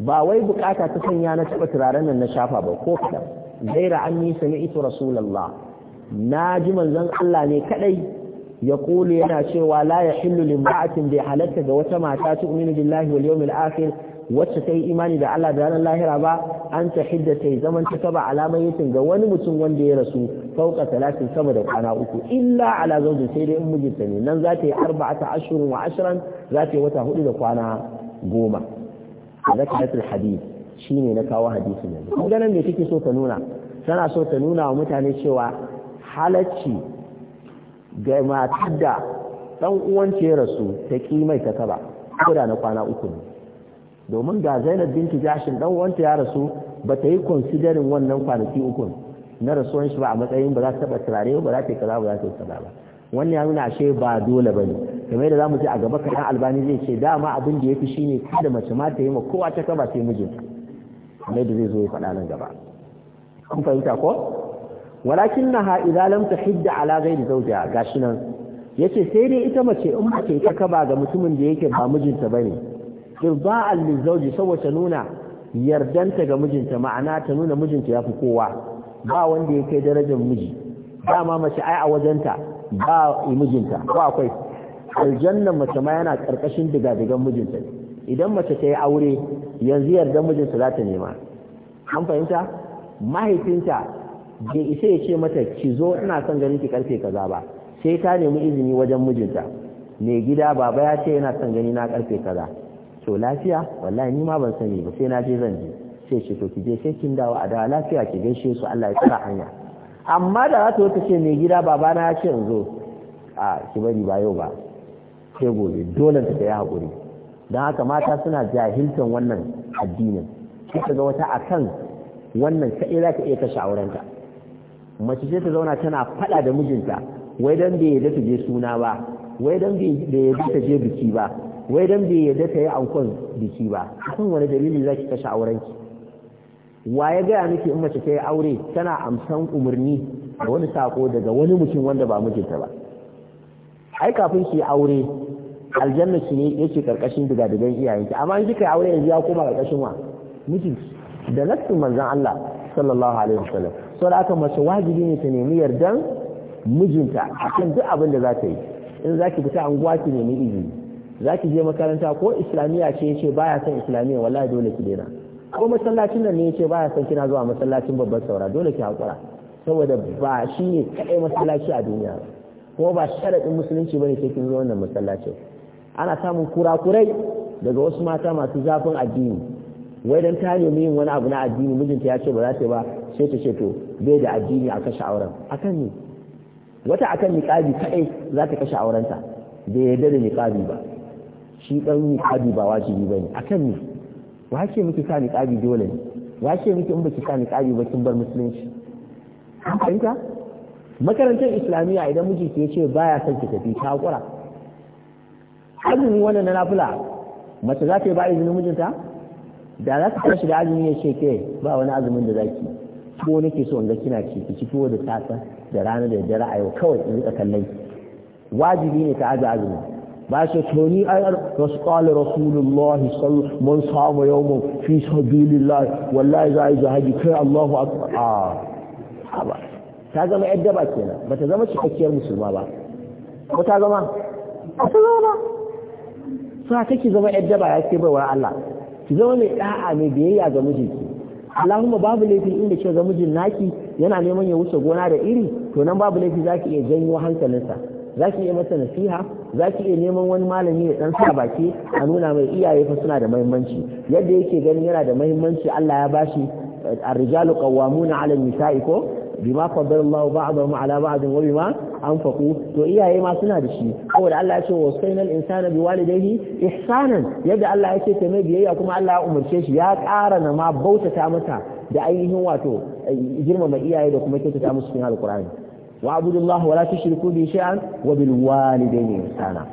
ba wai bukata ta sanya na taɓa turaren nan na shafa ba ko kadan gaira an nisa ni ito rasulallah na ji manzon Allah ne kadai ya kulu yana cewa la ya hillu bai halatta ga wata mata tu'minu billahi wal yawmil akhir wacce ta yi imani da Allah da ranar lahira ba an ta hidda ta zaman ta alamar alamayatin ga wani mutum wanda ya rasu fauka talatin sama da kwana uku illa ala zaujin sai dai in mijinta ne nan za ta yi arba'ata ashirin wa ashiran za ta yi wata hudu da kwana goma zakaratul hadith shine na kawo hadisin yanzu kun ganin me kike so ta nuna tana so ta nuna wa mutane cewa halacci ga matar da ɗan uwance ya rasu ta ƙi mai ta kaba kuda na kwana uku ne domin ga zainab bin tijashin ɗan uwanta ya rasu ba ta yi konsidarin wannan kwanaki uku na rasuwan shi ba a matsayin ba za ta taɓa turare ba za ta yi kaza ba za ta yi kaza ba wannan ya nuna ashe ba dole ba ne kamar yadda za mu ji a gaba kaɗan albani zai ce dama abin da ya fi shine kada mace ma ta yi ma kowa ta kaba sai mijinta kamar yadda zai zo ya faɗa nan gaba kun fahimta ko walakin na ha'iza lam ta hidda ala gairi ga gashi nan yace sai dai ita mace in mace ta kaba ga mutumin da yake ba mijinta ba bane ba allin zauji saboda nuna yardanta ga mijinta ma'ana ta nuna mijinta yafi kowa ba wanda ya kai darajar miji dama mace ai a wajenta ba mijinta ko akwai aljannan mace ma yana karkashin digadigan mijinta idan mace ta yi aure yanzu yardan mijinta za ta nema an fahimta mahaifinta bai isa ya ce mata ki zo ina son ganin ki karfe kaza ba sai ta nemi izini wajen mijinta mai gida baba ya ce yana son gani na karfe kaza to lafiya wallahi ni ma ban sani ba sai na je zan je sai ce to ki je sai kin dawo a da lafiya ki gaishe su Allah ya tsara hanya amma da za ta wata ce mai gida baba na ya ce in zo a ki bari ba yau ba sai gobe dole ta yi hakuri don haka mata suna jahiltan wannan addinin kika ga wata akan wannan kai za ka iya kashe aurenta mace ce ta zauna tana fada da mijinta wai dan bai yadda ta je suna ba wai dan bai yadda ta je biki ba wai dan bai yadda ta yi ankon biki ba akan wani dalili zaki kashe aurenki wa ya gaya miki in mace ta yi aure tana amsan umarni da wani sako daga wani mutum wanda ba mijinta ba ai kafin ki aure aljanna ki ne yake karkashin digadigan iyayenki amma in kika yi aure yanzu ya koma karkashin wa mijinki da nassin manzon Allah sallallahu alaihi wasallam sau da aka mace wajibi ne ta nemi yardan mijinta a kan duk abin da za ta yi in za ki fita anguwa ki nemi izini za ki je makaranta ko islamiyya ce ce baya son islamiyya wallahi dole ki daina ko masallacin nan ne ce baya son kina zuwa masallacin babban saura dole ki haƙura saboda ba shi ne kaɗai masallaci a duniya kuma ba sharaɗin musulunci ba ne sai kin zo wannan masallacin ana samun kurakurai daga wasu mata masu zafin addini wai dan ta nemi yin wani abu na addini mijinta ya ce ba za ta yi ba sai ta ce to bai da addini a kashe auren akan ne wata akan niqabi kaɗai za ta kashe aurenta bai yarda da niqabi ba shi dan niqabi ba wajibi bane akan ne wa ce miki sa niqabi dole ne wa ce miki in baki sa niqabi ba kin bar musulunci an fahimta makarantar islamiyya idan miji ke ce baya son ki tafi ta hakura azumin wannan na nafila mace za ta yi ba izinin mijinta da za ta tashi da azumi ya ce ke ba wani azumin da za ki. ko nake so in ga kina ke, ciki ciki da safa da rana da dare a yau kawai in rika kallon wajibi ne ta aje azumi ba shi to ni ai rasul rasulullahi sallallahu mun saba yawma fi sabilillah wallahi za a yi jihadi kai Allahu akbar ah, ta zama yadda ba kenan ba ta zama cikakkiyar musulma ba ko ta zama ba ta zama ba sa take zama yadda ba ya ce baiwar Allah ki zama mai da'a mai biyayya ga mijinki Allahumma babu laifin inda ce ga mijin naki yana neman ya wuce gona da iri to nan babu laifi zaki iya janyo hankalinsa zaki iya masa nasiha zaki iya neman wani malami ya dan sa baki a nuna mai iyaye fa suna da muhimmanci yadda yake ganin yana da muhimmanci Allah ya bashi eh, qawwamuna 'ala an-nisa'i ko bima faddala Allahu ba'dahum ala ba'd wa bima An faku to iyaye ma suna da shi saboda Allah ya ce wa sainal insana biwalidayhi ihsanan yadda Allah ya ce ta mai biyayya kuma Allah ya umarce shi ya ƙara na ma bautata mata da ainihin wato eh, girmama iyaye da kuma kyautata musu cikin alqur'ani wa abudullahi wala tushriku bi shay'an wa bil walidayni ihsana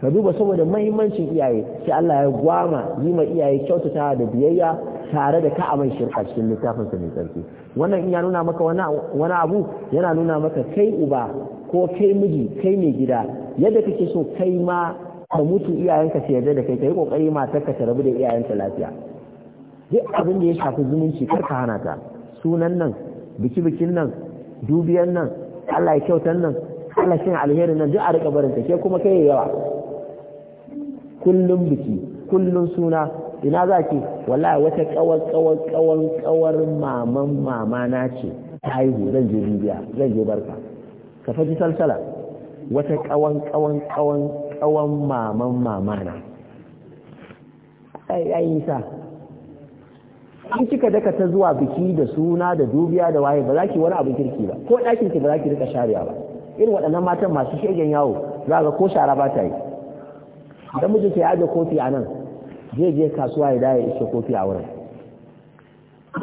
ka duba saboda mahimmancin iyaye sai Allah ya gwama yi ma iyaye kyautata da biyayya tare da ka mai shirka cikin littafin sa mai tsarki wannan in ya nuna maka wani abu yana nuna maka kai uba ko kai miji kai mai gida yadda kake so kai ma ka mutu iyayenka su yarda da kai kai kokari matar ka ta rabu da iyayenta lafiya duk abin da ya shafi zumunci kar ka hana ta sunan nan biki bikin nan dubiyan nan Allah ya kyautan nan Allah shin alherin nan duk a rika barin ta ke kuma kai yawa kullum biki kullum suna ina za ki wallahi wata kawar kawar kawar kawar maman mama na ce ta haihu zan je dubiya zan je barka ka faji salsala wata kawan kawan kawan kawan maman mamana ai ai sa in kika daka ta zuwa biki da suna da dubiya da waye ba za ki wani abin kirki ba ko ɗakin ki ba za ki rika shari'a ba irin waɗannan matan masu shegen yawo za ga ko shara ba ta yi idan mijin ya aje kofi a nan zai je kasuwa ya daya ishe kofi a wurin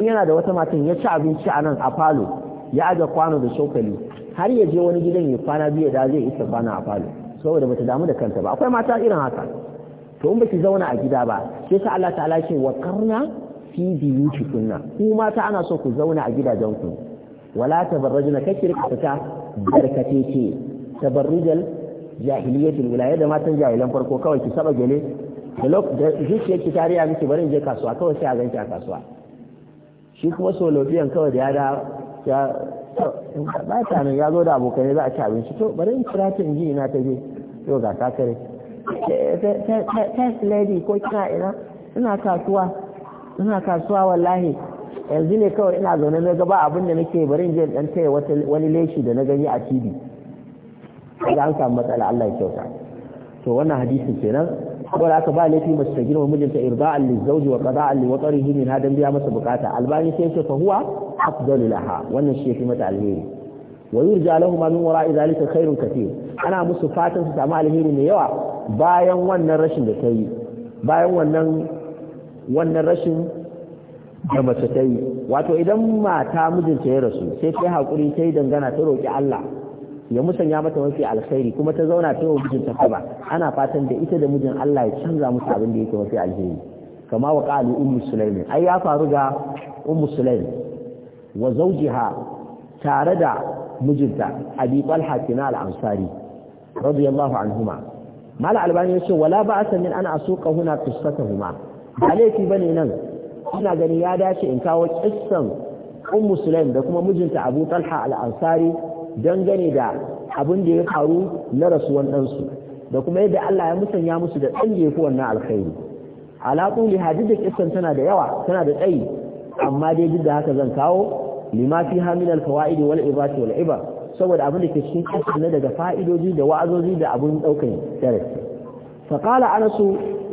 in yana da wata matan ya ci abinci a nan a falo ya aje kwano da cokali har ya je wani gidan ya kwana biyu da zai isa kwana a falo saboda bata damu da kanta ba akwai mata irin haka to in baki zauna a gida ba sai sa Allah ta'ala ce wa karna fi kunna ku mata ana so ku zauna a gidajen ku wala tabarrajna kake rika fita barkate ce tabarrujal jahiliyatul wilaya da matan jahilan farko kawai ki saba gele da zuciyar ki tariya miki bari je kasuwa kawai sai a ganki a kasuwa shi kuma solobiyan kawai da ya da in ka ba ta ya zo da ne za a ci abinci to bari in kira ta inji ina ta je to ga ka kare eh, eh, eh, test lady ko kina ina ina kasuwa ina kasuwa wallahi yanzu ne kawai ina zaune na gaba abin da nake bari in je dan taya wani leshi da na gani a TV ga an samu matsala Allah ya kyauta to wannan hadisin kenan saboda haka ba laifi mace ta girma mijinta irda'an lizauji wa qada'an liwatarihi min hadan biya masa bukata albani sai ce fa huwa afdalu laha wannan shi yafi mata alheri wa yurja lahum min wara'i zalika khairun katir ana musu fatan su samu alheri mai yawa bayan wannan rashin da ta yi bayan wannan wannan rashin da mace ta yi wato idan mata mijinta ya rasu sai ta yi hakuri ta yi dangana ta roki Allah ya musanya mata mafi alkhairi kuma ta zauna ta wa mijinta kaba ana fatan da ita da mijin Allah ya canza musu abin da yake mafi alheri kama wa qalu ummu sulaimin ai ya faru ga ummu sulaim wa zawjiha tare da mijinta abi talha kina al-ansari radiyallahu anhuma mala albani yace wala ba'sa min an asuqa huna qissatuhuma ba bane nan ina gani ya dace in kawo kissan ummu sulaim da kuma mijinta abu talha al-ansari dangane da abin da ya karu na rasuwan ɗansu da kuma yadda Allah ya musanya musu da ɗan jefi wannan alkhairi alaƙun lihaji da kisan tana da yawa tana da tsayi amma dai duk da haka zan kawo lima fi hamin alfawa'idi wal ibati wal ibar saboda abin da ke cikin kisan na daga fa'idoji da wa'azoji da abin ɗaukan darasi fa qala anas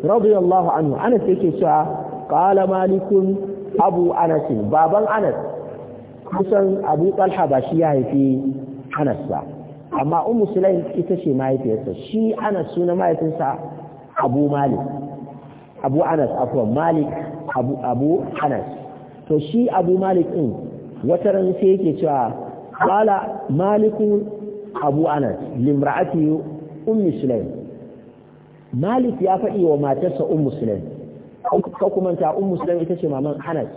radiyallahu anhu anas yake cewa qala malikun abu anas baban anas kusan abu talha ba shi ya haifi Anas ba amma Ummu Sulaim ita ce mahaifiyarsa shi Anas suna mahaifinsa Abu Malik Abu Anas afuwa Malik Abu Abu Anas to shi Abu Malik ɗin wata ran sai yake cewa qala Maliku Abu Anas limra'ati Ummu Sulaim Malik ya faɗi wa matarsa Ummu Sulaim ka kuma ta Ummu Sulaim ita ce maman Anas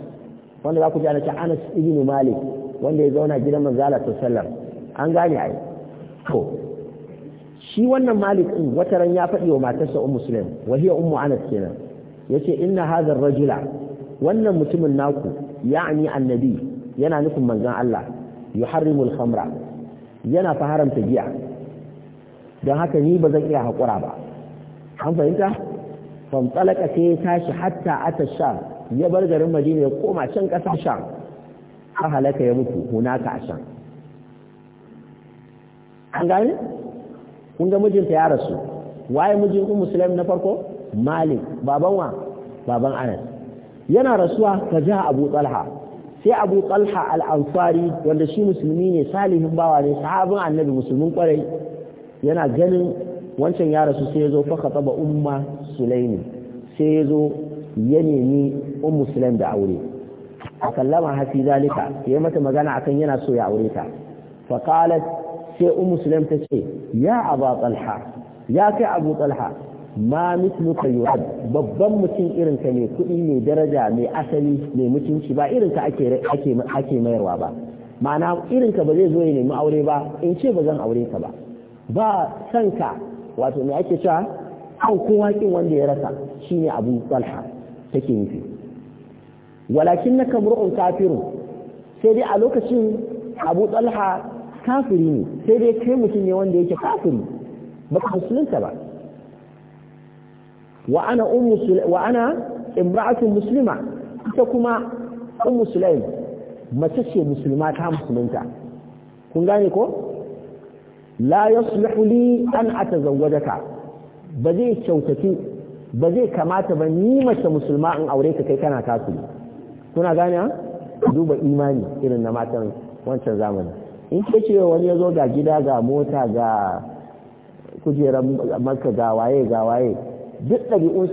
wanda za ku ji ana Anas ibn Malik wanda ya zauna gidan manzala sallallahu an gane ai to shi wannan malik din wata ran ya faɗi wa matarsa ummu sulaim wa hiya ummu anas kenan yace inna hadha ar-rajula wannan mutumin naku ya ya'ni annabi yana nufin manzan Allah yuharrimul hamra yana fa haramta giya don haka ni ba zan iya haƙura ba an fahimta fam tsalaka sai ya tashi hatta ata sha ya bar garin madina ya koma can ƙasar sha a halaka ya mutu hunaka a shan an gane kun mijinta ya rasu waye mijin ku sulaim na farko malik baban wa baban anas yana rasuwa ka jiha abu talha sai abu talha al-ansari wanda shi musulmi ne salihin bawa ne sahabin annabi musulmin kwarai yana ganin wancan ya rasu sai ya zo faka taba umma sulaimi sai ya zo ya nemi un da aure a kallama hafi zalika ya mata magana akan yana so ya aure ta faqalat sai ummu sulaim ta ce ya aba talha ya kai abu talha ma misluka yurad babban mutum irin ka ne kuɗi ne daraja mai asali mai mutunci ba irin ka ake ake ake mayarwa ba ma'ana irin ka ba zai zo ya nemi aure ba in ce ba zan aure ka ba ba san ka wato me ake cewa an kowa kin wanda ya rasa shine abu talha take nufi walakin na kamru'un kafiru sai dai a lokacin abu talha kafiri ne sai dai kai mutum ne wanda yake kafiri ba ka musulunta ba wa ana ummu wa ana imra'atu muslima ita kuma ummu sulaim mace ce musulma ta musulunta kun gane ko la yaslihu li an atazawwajaka ba zai kyautaki ba zai kamata ba ni mace musulma in aure ka kai kana kafiri kuna gane duba imani irin na matan wancan zamanin in ce ce wani ya zo ga gida ga mota ga kujerar maka ga waye ga waye duk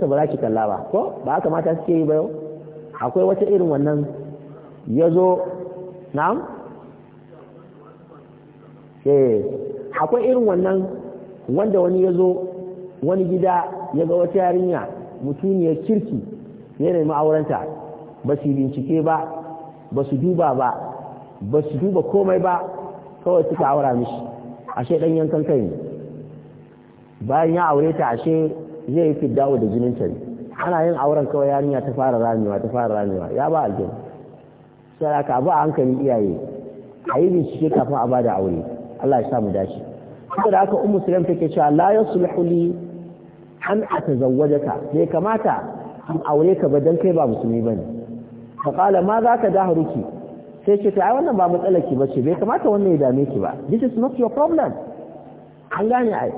ba za ki kalla ba ko ba haka mata suke yi ba yau akwai wata irin wannan ya zo na'am eh akwai irin wannan wanda wani ya zo wani gida ya ga wata yarinya mutuniyar kirki ya nemi aurenta ba su bincike ba ba su duba ba ba su duba komai ba kawai suka aura mishi ashe dan yankan kai ne bayan ya aure ta ashe zai yi dawo da jinin ta ana yin auren kawai yarinya ta fara ramewa ta fara ramewa ya ba aljanna sai aka abu a hankali iyaye a yi cike kafin a ba da aure Allah ya sa mu dace da aka ummu sulaim take cewa la yasluhu li an atazawwajaka bai kamata in aure ka ba dan kai ba musulmi bane fa qala ma za zaka dahruki sai ce ta ai wannan ba matsala ki ce bai kamata wannan ya dame ki ba this is not your problem an gane ai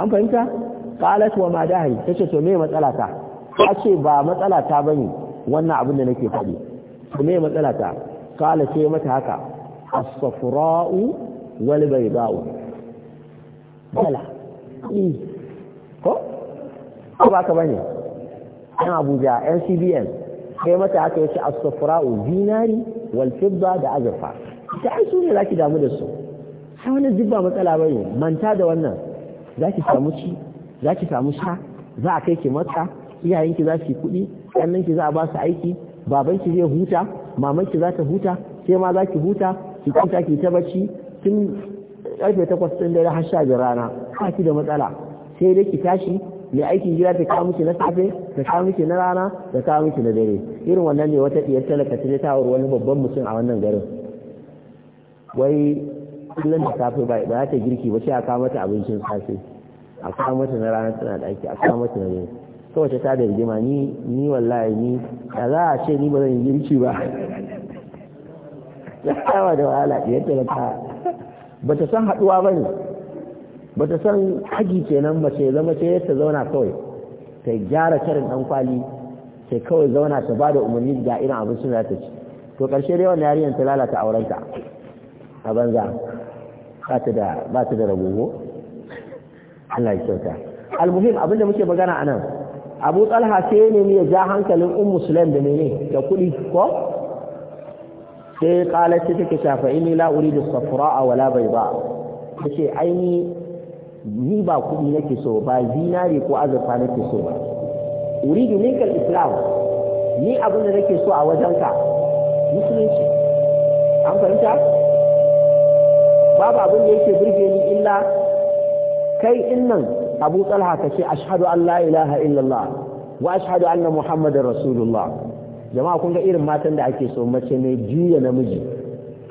an fahimta qalat wa ma dahi tace to me matsala ta ce ba matsala ta bane wannan abin da nake faɗi to me matsala ta qala sai mata haka as-safra'u wal bayda'u wala ko ko ba ka bane an Abuja NCBN kai mata aka yace as-safra'u zinari wal da azurfa ta ai su ne zaki damu da su sai wani zibba matsala bane manta da wannan zaki samu ci zaki samu sha za a kai ki matsa, iyayenki za su yi kuɗi za a ba su aiki babanki zai huta mamanki za ta huta sai ma za ki huta ki kwanta ki ta bacci tun ƙarfe takwas ɗin dare har sha rana ba ki da matsala sai dai ki tashi mai aikin gida ta kawo miki na safe ta kawo miki na rana ta kawo miki na dare irin wannan ne wata ɗiyar talaka ta ta wuri wani babban mutum a wannan garin wai kullum da safe ba za ta girki ba sai a kawo mata abincin safe a kawo mata na rana tana da aiki a kawo mata na dare kawai ta da rigima ni ni wallahi ni da za a ce ni ba zan yi girki ba ya kawo da wahala ɗiyar talaka ba ta san haɗuwa ba ne ba ta san haji kenan mace zama ce ta zauna kawai ta gyara karin ɗan kwali sai kawai zauna ta bada umarni ga irin abin suna ta ci to karshe da yawan yarinyar ta lalata aurenta a banza ba ta da ragogo Allah ya kyauta almuhim abinda muke magana anan Abu Talha sai ne ya ja hankalin un musulun da mene da kuɗi ko sai ta take shafa inni la safura a wala ta ce aini ni ba kuɗi nake so ba zinare ko azurfa nake so ba uridu minkal islam ni abin da nake so a wajenka musulunci an fahimta babu abin da yake burge ni illa kai innan abu talha ka ce ashhadu an la ilaha illallah wa ashhadu anna muhammadar rasulullah jama'a kun ga irin matan da ake so mace mai juya namiji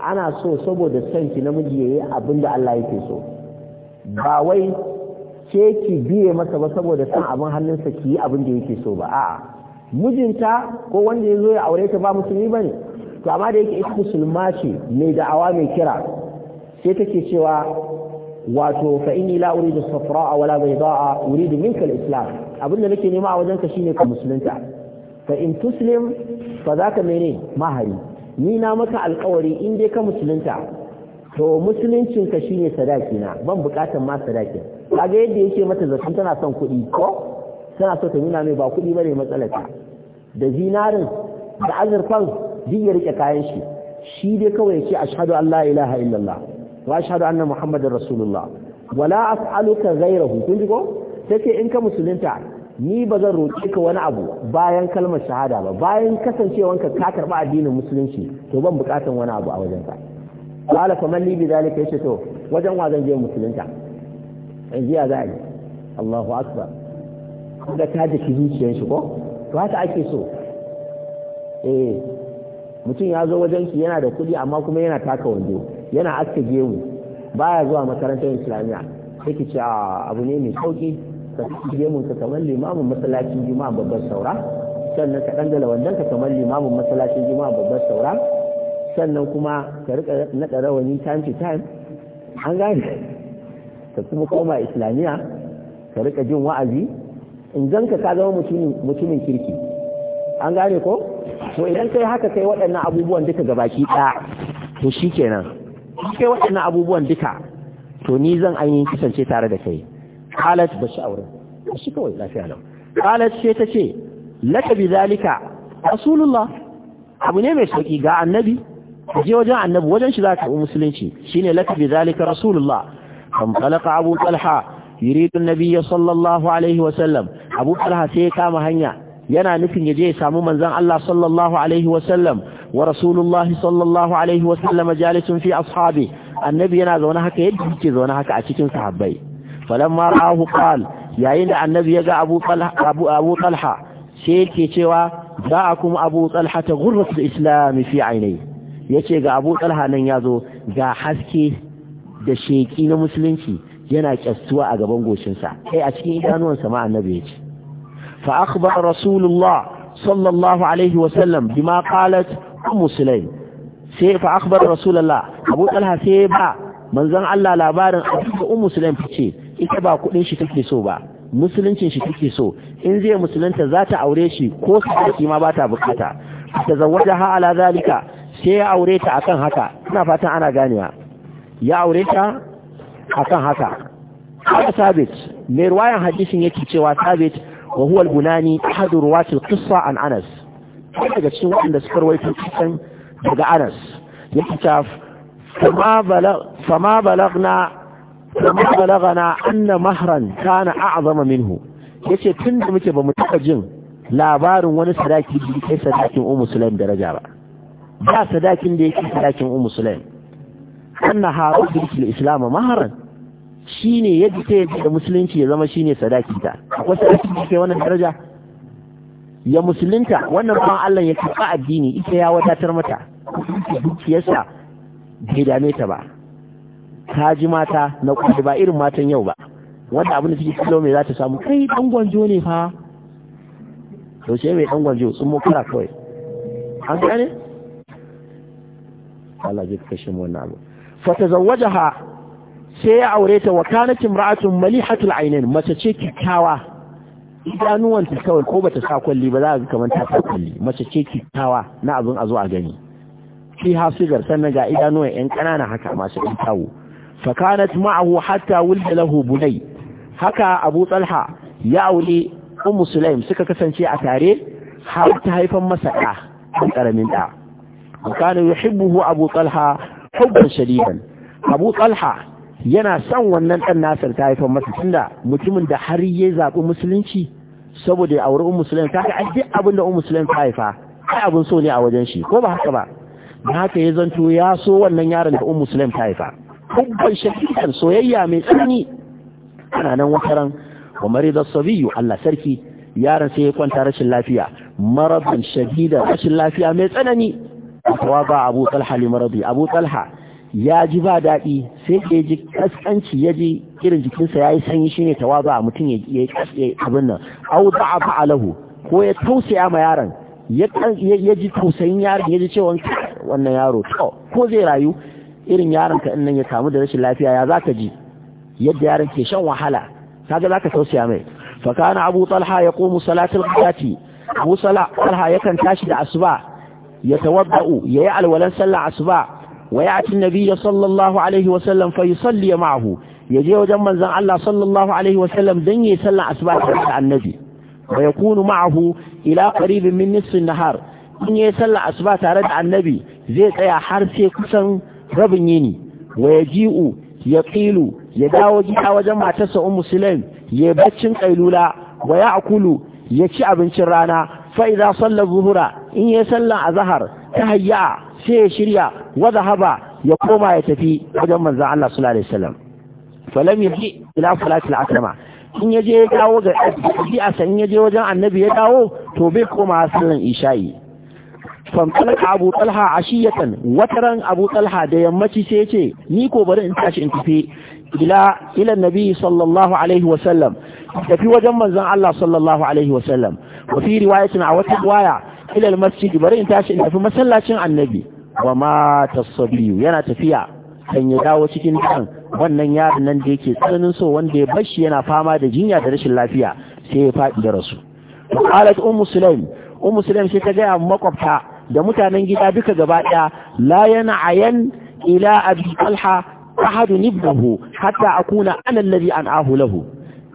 ana so saboda sanki namiji yayi abin da Allah yake so ba wai ke ki biye masa ba saboda san abin hannunsa ki yi abin da yake so ba a'a mijinta ko wanda ya zo ya aure ta ba musulmi bane to amma da yake ita musulma ce mai da'awa mai kira sai take cewa wato fa inni la uridu safra'a wala bayda'a uridu minka al-islam abin da nake nema a wajen wajenka shine ka musulunta fa in tuslim fa zaka mene mahari ni na maka alƙawari in dai ka musulunta to musuluncin ka shine sadaki na ban bukatan ma sadaki kaga yadda yake mata zaton tana son kuɗi ko tana so ta nuna mai ba kuɗi bane ta da zinarin da azurfan duk ya rike kayan shi shi dai kawai ce ashhadu an la ilaha illallah wa ashhadu anna muhammadar rasulullah wala as'aluka ghayrahu kun ji ko take in ka musulunta ni ba zan roƙe ka wani abu bayan kalmar shahada ba bayan kasancewanka ka karɓa addinin musulunci to ban buƙatan wani abu a wajenka qala kuma ni bi zalika yace to wajen wa zan je musulunta in ji ya za yi Allahu akbar kuma ta da zuciyar shi ko to haka ake so eh mutum ya zo wajen ki yana da kuɗi amma kuma yana taka wando yana aske gemu baya zuwa makarantar islamiyya sai ki ce abu ne mai sauki ka gemun ka kamar limamin masallacin juma'a babbar saura sannan ka dangala wandan ka kamar limamin masallacin juma'a babbar saura sannan kuma ka rika naɗa rawani time to time an gane ka kuma koma islamiyya ka rika jin wa'azi in zan ka zama mutumin kirki an gane ko to idan kai haka kai waɗannan abubuwan duka baki ɗaya to shi kenan kai waɗannan abubuwan duka to ni zan ainihin kisance tare da kai halat ba shi auren shi kawai lafiya nan halat ce ta ce laka bi zalika rasulullah abu ne mai sauki ga annabi je wajen annabi wajen shi za ka karɓi musulunci shine laka bi zalika rasulullah kam talaqa abu talha yuridu nabiyya sallallahu alaihi wa sallam abu talha sai ya kama hanya yana nufin ya je ya samu manzon Allah sallallahu alaihi wa sallam wa rasulullah sallallahu alaihi wa sallam jalisun fi ashabi annabi yana zaune haka yadda yake zaune haka a cikin sahabbai falamma ra'ahu qal yayin da annabi ya ga abu talha abu abu talha sai yake cewa da'akum abu talha ta ghurrat al-islam fi ainihi yace ga Abu Talha nan ya zo ga haske da sheki na musulunci yana kyastuwa a gaban goshinsa kai a cikin idanuwansa ma annabi ya fa akhbara rasulullah sallallahu alaihi wa sallam ma kalat ummu sulaim sai fa rasulullah Abu Talha sai ba manzan Allah labarin cikin un musulai fice ita ba kudin shi take so ba musuluncin shi take so in zai musulunta za ta aure shi ko sadaki ma ba ta bukata ta zawaja ha ala zalika sai ya aure ta akan haka ina fatan ana ganewa ya aure ta akan haka haka sabit mai ruwayan hadisin yake cewa sabit wa huwa al-bunani ahadu ruwatil qissa an anas daga cikin waɗanda suka rawaito kisan daga anas yake ta fama balagna fama balagna anna mahran kana a'zama minhu yace tunda muke bamu taka jin labarin wani sadaki da kai sadakin ummu sulaim daraja ba ba sadakin da yake sadakin ummu sulaim anna haru bil islam maharan shine yadda ta yadda da musulunci ya zama shine sadaki ta akwai sadaki da yake wannan daraja ya musulunta wannan ban Allah ya kafa addini ita ya wadatar mata dukiyarsa bai dame ta ba ta ji mata na kwari ba irin matan yau ba wanda abin da suke kallo mai za ta samu kai dan gwanjo ne fa Yaushe mai dan gwanjo sun mu kawai an gane Allah zai kashe mu wannan abu sai ya aure ta wa kanat imra'atun malihatul aynain mace ce kikkawa idanuwan ta kawai ko bata sa kwalli ba za ka kaman ta sa kwalli mace ce kikkawa na abin a zo a gani fi hasigar sannan ga idanuwan yan kanana haka masu ɗan tawo fa ma'ahu hatta wulda lahu bunay haka Abu Talha ya aure Ummu Sulaim suka kasance a tare har ta haifan masa ɗa ƙaramin ɗa kana yuhibbuhu abu talha hubban shadidan abu talha yana son wannan dan nasir ta haifar masa tunda mutumin da har ya zabi musulunci saboda ya auri ummu sulaim ta ga duk abin da ummu ta haifa ai abin so ne a wajen shi ko ba haka ba da haka ya zanto ya so wannan yaron da ummu ta haifa hubban shadidan soyayya mai tsanani ana nan wataran wa marida sabiyu Allah sarki yaron sai ya kwanta rashin lafiya maradan shadida rashin lafiya mai tsanani ba Abu Talha limarabi Abu Talha ya ji ba daɗi sai ke ji kaskanci ya ji irin jikinsa ya yi sanyi shi ne ba mutum ya yi abin nan au a fa'alahu ko ya tausaya ma yaron ya ji tausayin yaron ya ji cewa wannan yaro to ko zai rayu irin yaron ka nan ya kamu da rashin lafiya ya zaka ji yadda yaron ke shan wahala Ta ga za ka tausaya mai fa kana Abu Talha yaqumu salatul qiyati Abu Talha yakan tashi da asuba يتوضأ يعل ولا سلع أسباع ويأتي النبي صلى الله عليه وسلم فيصلي معه يجي وجمع زن الله صلى الله عليه وسلم دنيا سلع أسباع عن النبي ويكون معه إلى قريب من نصف النهار in ya sallar asuba tare da annabi zai tsaya har sai kusan rabin yini wa ya ji'u ya ƙilu ya dawo gida wajen matarsa ummu sulaim ya baccin kailula wa ya ya ci abincin rana fa sallar salla zuhura in ya salla ta tahayya sai ya shirya wa zahaba ya koma ya tafi wajen manzon Allah sallallahu alaihi wasallam falam yahi ila salati al-asma in ya je ya dawo ga a san ya je annabi ya dawo to bai koma sallan isha'i famtalaka abu talha ashiyatan wataran abu talha da yammaci sai yace, ni ko bari in tashi in tafi nabi sallallahu wasallam tafi wajen manzon Allah sallallahu wasallam wa fi riwayatin a wata riwaya ila almasjid bari in tashi in tafi masallacin annabi wa ma tasabiyu yana tafiya kan ya dawo cikin dan wannan yarin nan da yake tsananin so wanda ya bashi yana fama da jinya da rashin lafiya sai ya faɗi da rasu qalat ummu sulaim sai ta ga makwabta da mutanen gida duka gaba daya la yana ayan ila abi talha ahadun ibnahu hatta akuna ana alladhi an ahu lahu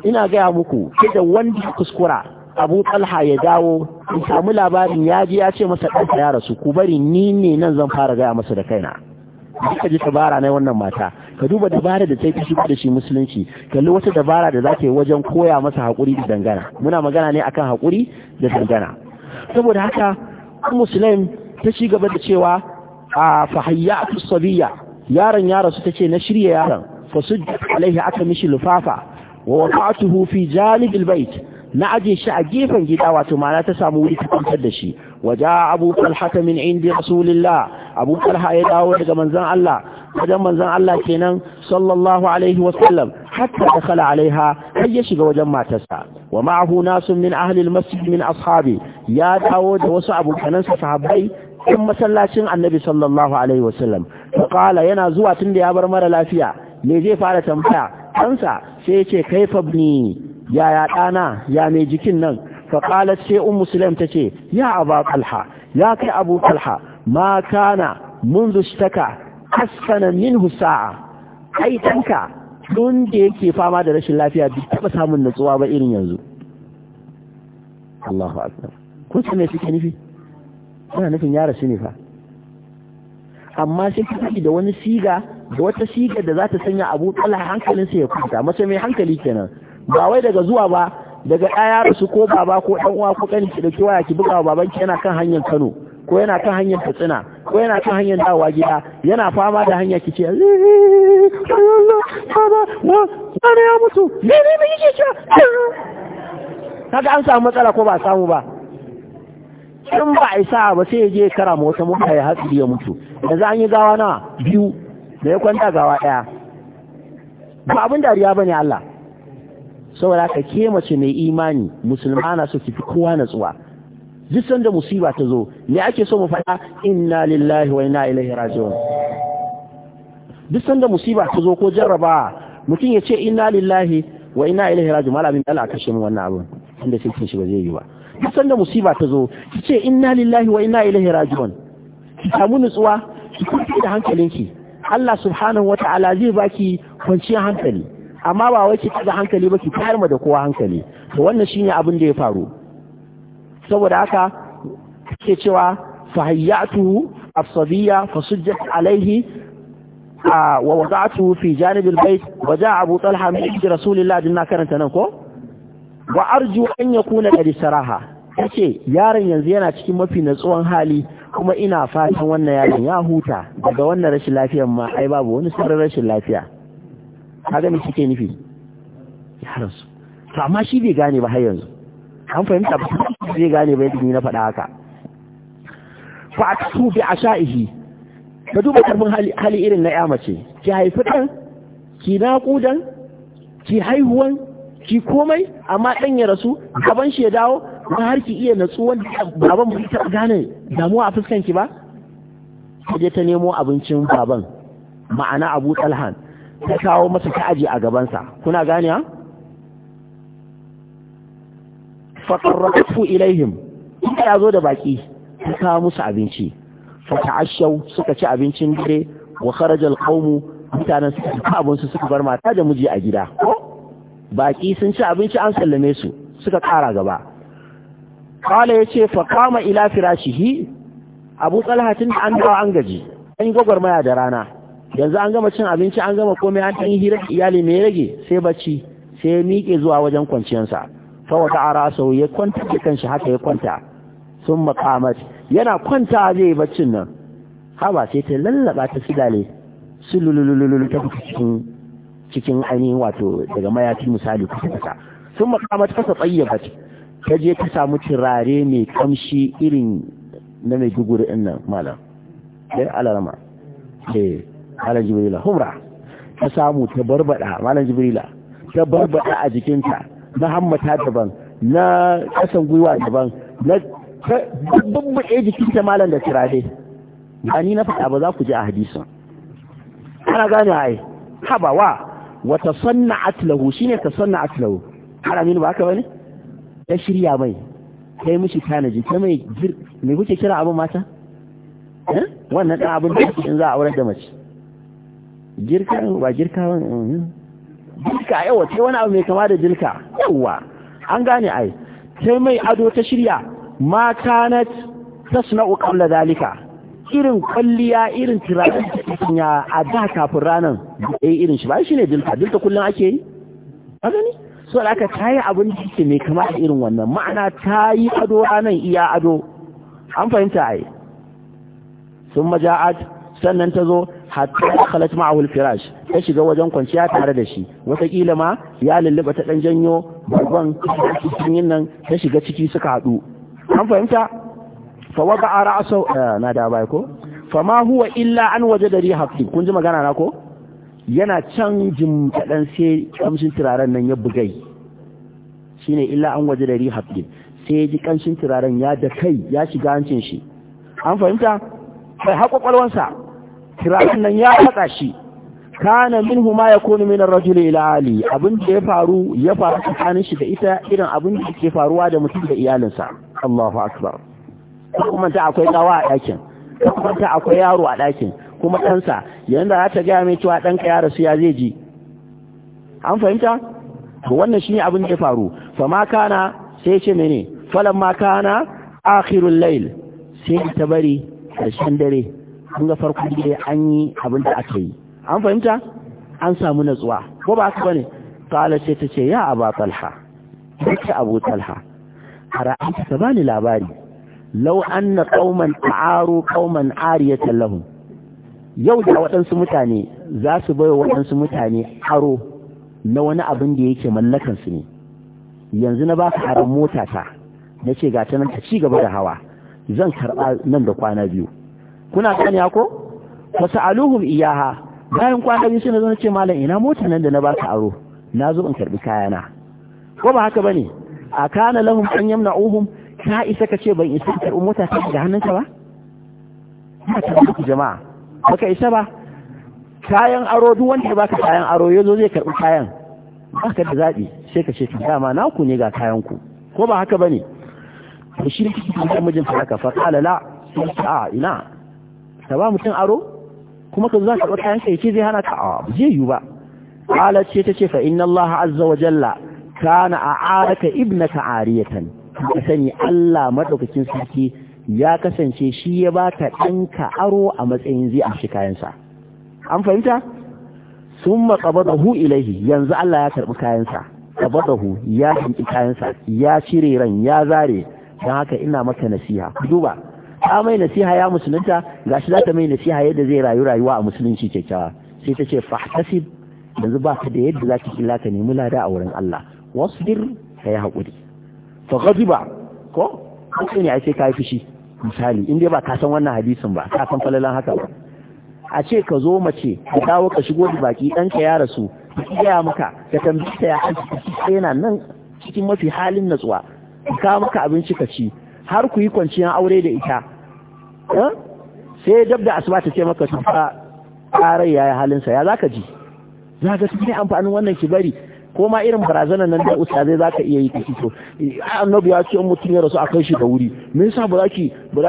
ina gaya muku kada wanda kuskura abu talha ya dawo in samu labarin ya ji ya ce masa ɗansa ya rasu ku bari ni ne nan zan fara gaya masa da kaina duka ji dabara na wannan mata ka duba dabara da ta shigo da shi musulunci kalli wata dabara da za ta yi wajen koya masa haƙuri da dangana muna magana ne akan haƙuri da dangana saboda haka musulun ta ci gaba da cewa a fahayya sabiya yaron ya rasu ta ce na shirya yaron fasu alaihi aka mishi lufafa wa waqa'tuhu fi janibil bait na aje shi a gefen gida wato mana ta samu wuri ta kwantar da shi waje abu talha min indi rasulillah abu talha ya dawo daga manzon Allah wajen manzon Allah kenan sallallahu alaihi wasallam hatta dakhala alaiha har ya shiga wajen matarsa wa ma'ahu nasun min ahli almasjid min ashabi ya dawo da wasu abokanansa sahabbai in masallacin annabi sallallahu alaihi wasallam qala yana zuwa tunda ya bar mara lafiya me zai fara tambaya kansa sai ya ce kaifabni yaya ɗana ya mai jikin nan faƙalar ce un musulun ta ce ya abu talha ya kai abu talha ma kana mun zushtaka hassanan min husa'a kai ɗanka tun da yake fama da rashin lafiya duk taɓa samun natsuwa ba irin yanzu Allahu akbar kun san me suke nufi suna nufin yara su ne fa amma sai ka da wani siga da wata siga da za ta sanya abu talha hankalinsa ya kwanta mace mai hankali kenan ba wai daga zuwa ba daga ɗaya rasu ko baba ko ɗan uwa ko ƙani ki dauki waya ki buga wa babanki yana kan hanyar Kano ko yana kan hanyar Katsina ko yana kan hanyar dawowa gida yana fama da hanya ki ce Allah ya mutu ne ne me yake ce kaga an samu matsala ko ba samu ba in ba a isa ba sai ya je kara ma wata mota ya hatsiri ya mutu yanzu an yi gawa na biyu da ya kwanta gawa ɗaya ba abin dariya bane Allah saboda ka ke mace mai imani musulma na so ki fi kowa natsuwa duk sanda musiba ta zo me ake so mu faɗa inna lillahi wa inna ilaihi raji'un duk sanda musiba ta zo ko jarraba mutum ya ce inna lillahi wa inna ilaihi raji'un malamin Allah kashe mu wannan abun inda sai shi ba zai yi ba duk sanda musiba ta zo ki ce inna lillahi wa inna ilaihi raji'un ki samu nutsuwa ki kwanta da hankalinki Allah subhanahu wa ta'ala zai baki kwanciyar hankali amma ba wai ki tada hankali ba ki tayar ma da kowa hankali to wannan shine abin da ya faru saboda haka ke cewa fahayyatu as fa sujjat alayhi wa wada'tu fi janib al-bayt wa ja'a Abu Talha min dinna karanta nan ko wa arju an yakuna qad saraha yace yaron yanzu yana cikin mafi natsuwan hali kuma ina fatan wannan yaron ya huta daga wannan rashin lafiyar ma ai babu wani sarar rashin lafiya kaga me kike nufi ya su. to amma shi bai gane ba har yanzu an fahimta ba zai gane ba yadda ni na faɗa haka fa aksu bi ashaihi ka duba karfin hali, irin na ya mace ki haifi dan ki naƙudan ki haihuwan ki komai amma dan ya rasu gaban shi ya dawo ba har ki iya natsuwan baban bai taɓa gane damuwa a fuskan ba ta je ta nemo abincin baban ma'ana abu talhan ta kawo masa ta aji a gabansa kuna gani ha faƙarrafu ilaihim ita ya zo da baki ta kawo musu abinci fata'ashau suka ci abincin dare wa kharajal qaumu mutanen suka abun su suka bar mata da miji a gida baƙi sun ci abinci an sallame su suka kara gaba qala yace fa qama ila firashihi abu talha an dawo an gaji an gwagwarmaya da rana yanzu an gama cin abinci an gama komai an ɗan hira iyali mai rage sai bacci sai ya miƙe zuwa wajen kwanciyarsa ta wata ara sau ya kwanta da kanshi haka ya kwanta sun makamat yana kwanta zai baccin nan haba sai ta lallaba ta su sulululululu ta fita cikin cikin ainihin wato daga mayafi misali kusa kasa sun makamat fasa tsayyabat ta je ta samu turare mai kamshi irin na mai guguri ɗin nan malam eh, alarma eh malam jibrila humra ta samu ta barbada malam jibrila ta barbada a jikinta na hammata daban na kasan gwiwa daban na babbaɗe jikinta malam da tirade ba ni na faɗa ba za ku ji a hadisin ana gane ai haba wa wata sanna atlahu ne ta sanna atlahu ana aminu ba haka wani ta shirya mai ta yi mishi tanaji ta mai mai kuke kira abin mata eh? wannan ɗan abin da in za a aurar da mace girka ba girka ba girka yawa ce wani abu mai kama da girka yawa an gane ai sai mai ado ta shirya ma kanat ukan da zalika irin kwalliya irin ta ya a da kafin ranan eh irin shi ba shi ne dilka dilka kullum ake yi ba gani so da aka yi abin da ke mai kama da irin wannan ma'ana ta yi ado ranar iya ado an fahimta ai sun maja'ad sannan ta zo hatta khalat ma'ahu al-firash ta shiga wajen kwanciya tare da shi kila ma ya lulluba ta dan janyo babban cikin nan ta shiga ciki suka haɗu an fahimta fa wada'a ra'su eh, na da bai ko fa ma huwa illa an wajada riha kun ji magana na ko yana can jin kadan sai kamshin turaren nan ya bugai shine illa an wajada riha sai ji kamshin turaren ya da kai ya shiga hancin shi an fahimta bai haƙwaƙwalwansa tirarin nan ya katsa shi kana minhu ma yakunu min ar-rajuli ila ali abin da ya faru ya faru tsakanin shi da ita irin abin da ke faruwa da mutum da iyalinsa Allahu akbar kuma ta akwai gawa a ɗakin kuma ta akwai yaro a ɗakin kuma ɗansa yanda za ta gaya mai cewa ɗanka ya rasu ya zai ji an fahimta wannan shi ne abin da ya faru Fa ma kana sai ce mene falan ma kana akhirul layl sai ta bari karshen dare an ga farko dai an yi abin da aka yi an fahimta an samu natsuwa ko ba haka bane Kala ce ta ce ya aba talha ce abu talha ara'anta ta bani labari law anna qauman ta'aru qauman ariyatan lahum yau da waɗansu mutane za su bai waɗansu mutane aro na wani abin da yake su ne yanzu na ba ka haram mota ta na ce ga ta nan ta ci gaba da hawa zan karɓa nan da kwana biyu kuna kanya ko fas'aluhum iyaha bayan kwanaki biyu suna zo ce malam ina mota nan da na baka aro na zo in karbi kayana ko ba haka bane a kana lahum an yamna'uhum ka isa ka ce ban isa karbi mota ta ga hannunka ba ka tabbata jama'a baka isa ba kayan aro duk wanda baka kayan aro yazo zai karbi kayan baka da zabi sai ka ce to dama naku ne ga kayan ku ko ba haka bane to shi ne kike da mijin fa qala la ina ka ba mutum aro kuma ka zo ka ɗauka yanka yace zai hana ka a yiwu ba qala ce tace fa inna allaha azza wa jalla kana a'araka ibnaka ariyatan ka sani Allah madaukakin sarki ya kasance shi ya baka ɗanka aro a matsayin zai amshi kayansa an fahimta summa qabadahu ilayhi yanzu Allah ya karbi kayansa qabadahu ya karbi kayansa ya cire ran ya zare dan haka ina maka nasiha duba ta mai nasiha ya musulunta gashi za ta mai nasiha yadda zai rayu rayuwa a musulunci kyakkyawa sai ta ce fahtasib yanzu ba ka da yadda za ta kila ka nemi lada a wurin Allah wasbir ka yi haƙuri fa ghadiba ko ko ne ai sai ka fushi misali in dai ba ka san wannan hadisin ba ka san falalan haka ba a ce ka zo mace ka dawo ka shigo da baki ka ya rasu ka gaya maka ka tambaye ya aiki yana nan cikin mafi halin natsuwa ka maka abinci ka ci har ku yi kwanciyar aure da ita sai dab da asuba ta ce maka tufa ƙarai yaya halinsa ya zaka ji za ka ne amfanin wannan kibari ko ma irin barazanar nan da zai za ka iya yi ta fito annabi ya ce in mutum ya rasu a kai shi da wuri me yasa ba za ki ba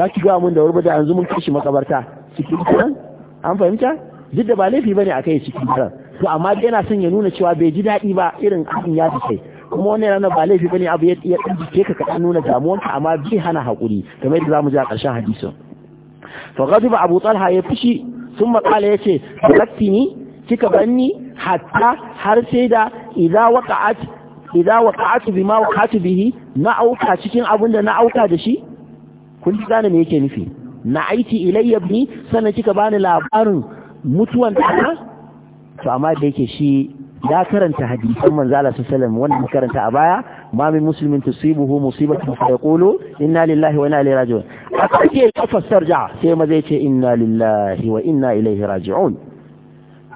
za ki gawa mun da wuri ba da yanzu mun kai shi makabarta cikin kiran an fahimta duk da ba laifi bane a kai cikin kiran to amma dai yana son ya nuna cewa bai ji daɗi ba irin abin ya fi kai kuma wani rana ba laifi bane abu ya ya jike ka ka nuna damuwanka amma bi hana hakuri kamar yadda zamu ji a ƙarshen hadisin fa ghadiba abu talha ya fishi sun makala yace ni kika banni hatta har sai da idza waqa'at idza waqa'at bima waqa'at bihi na auka cikin abin da na auka da shi kun ji gane me yake nufi na aiti ilayya bi sannan kika bani labarin mutuwan ta to amma da yake shi ya karanta hadisan manzo Allah sallallahu wanda karanta a baya ma min muslimin tusibuhu musibatun fa yaqulu inna lillahi wa inna ilaihi raji'un akake kafassar ja sai ma zai ce inna lillahi wa inna ilaihi raji'un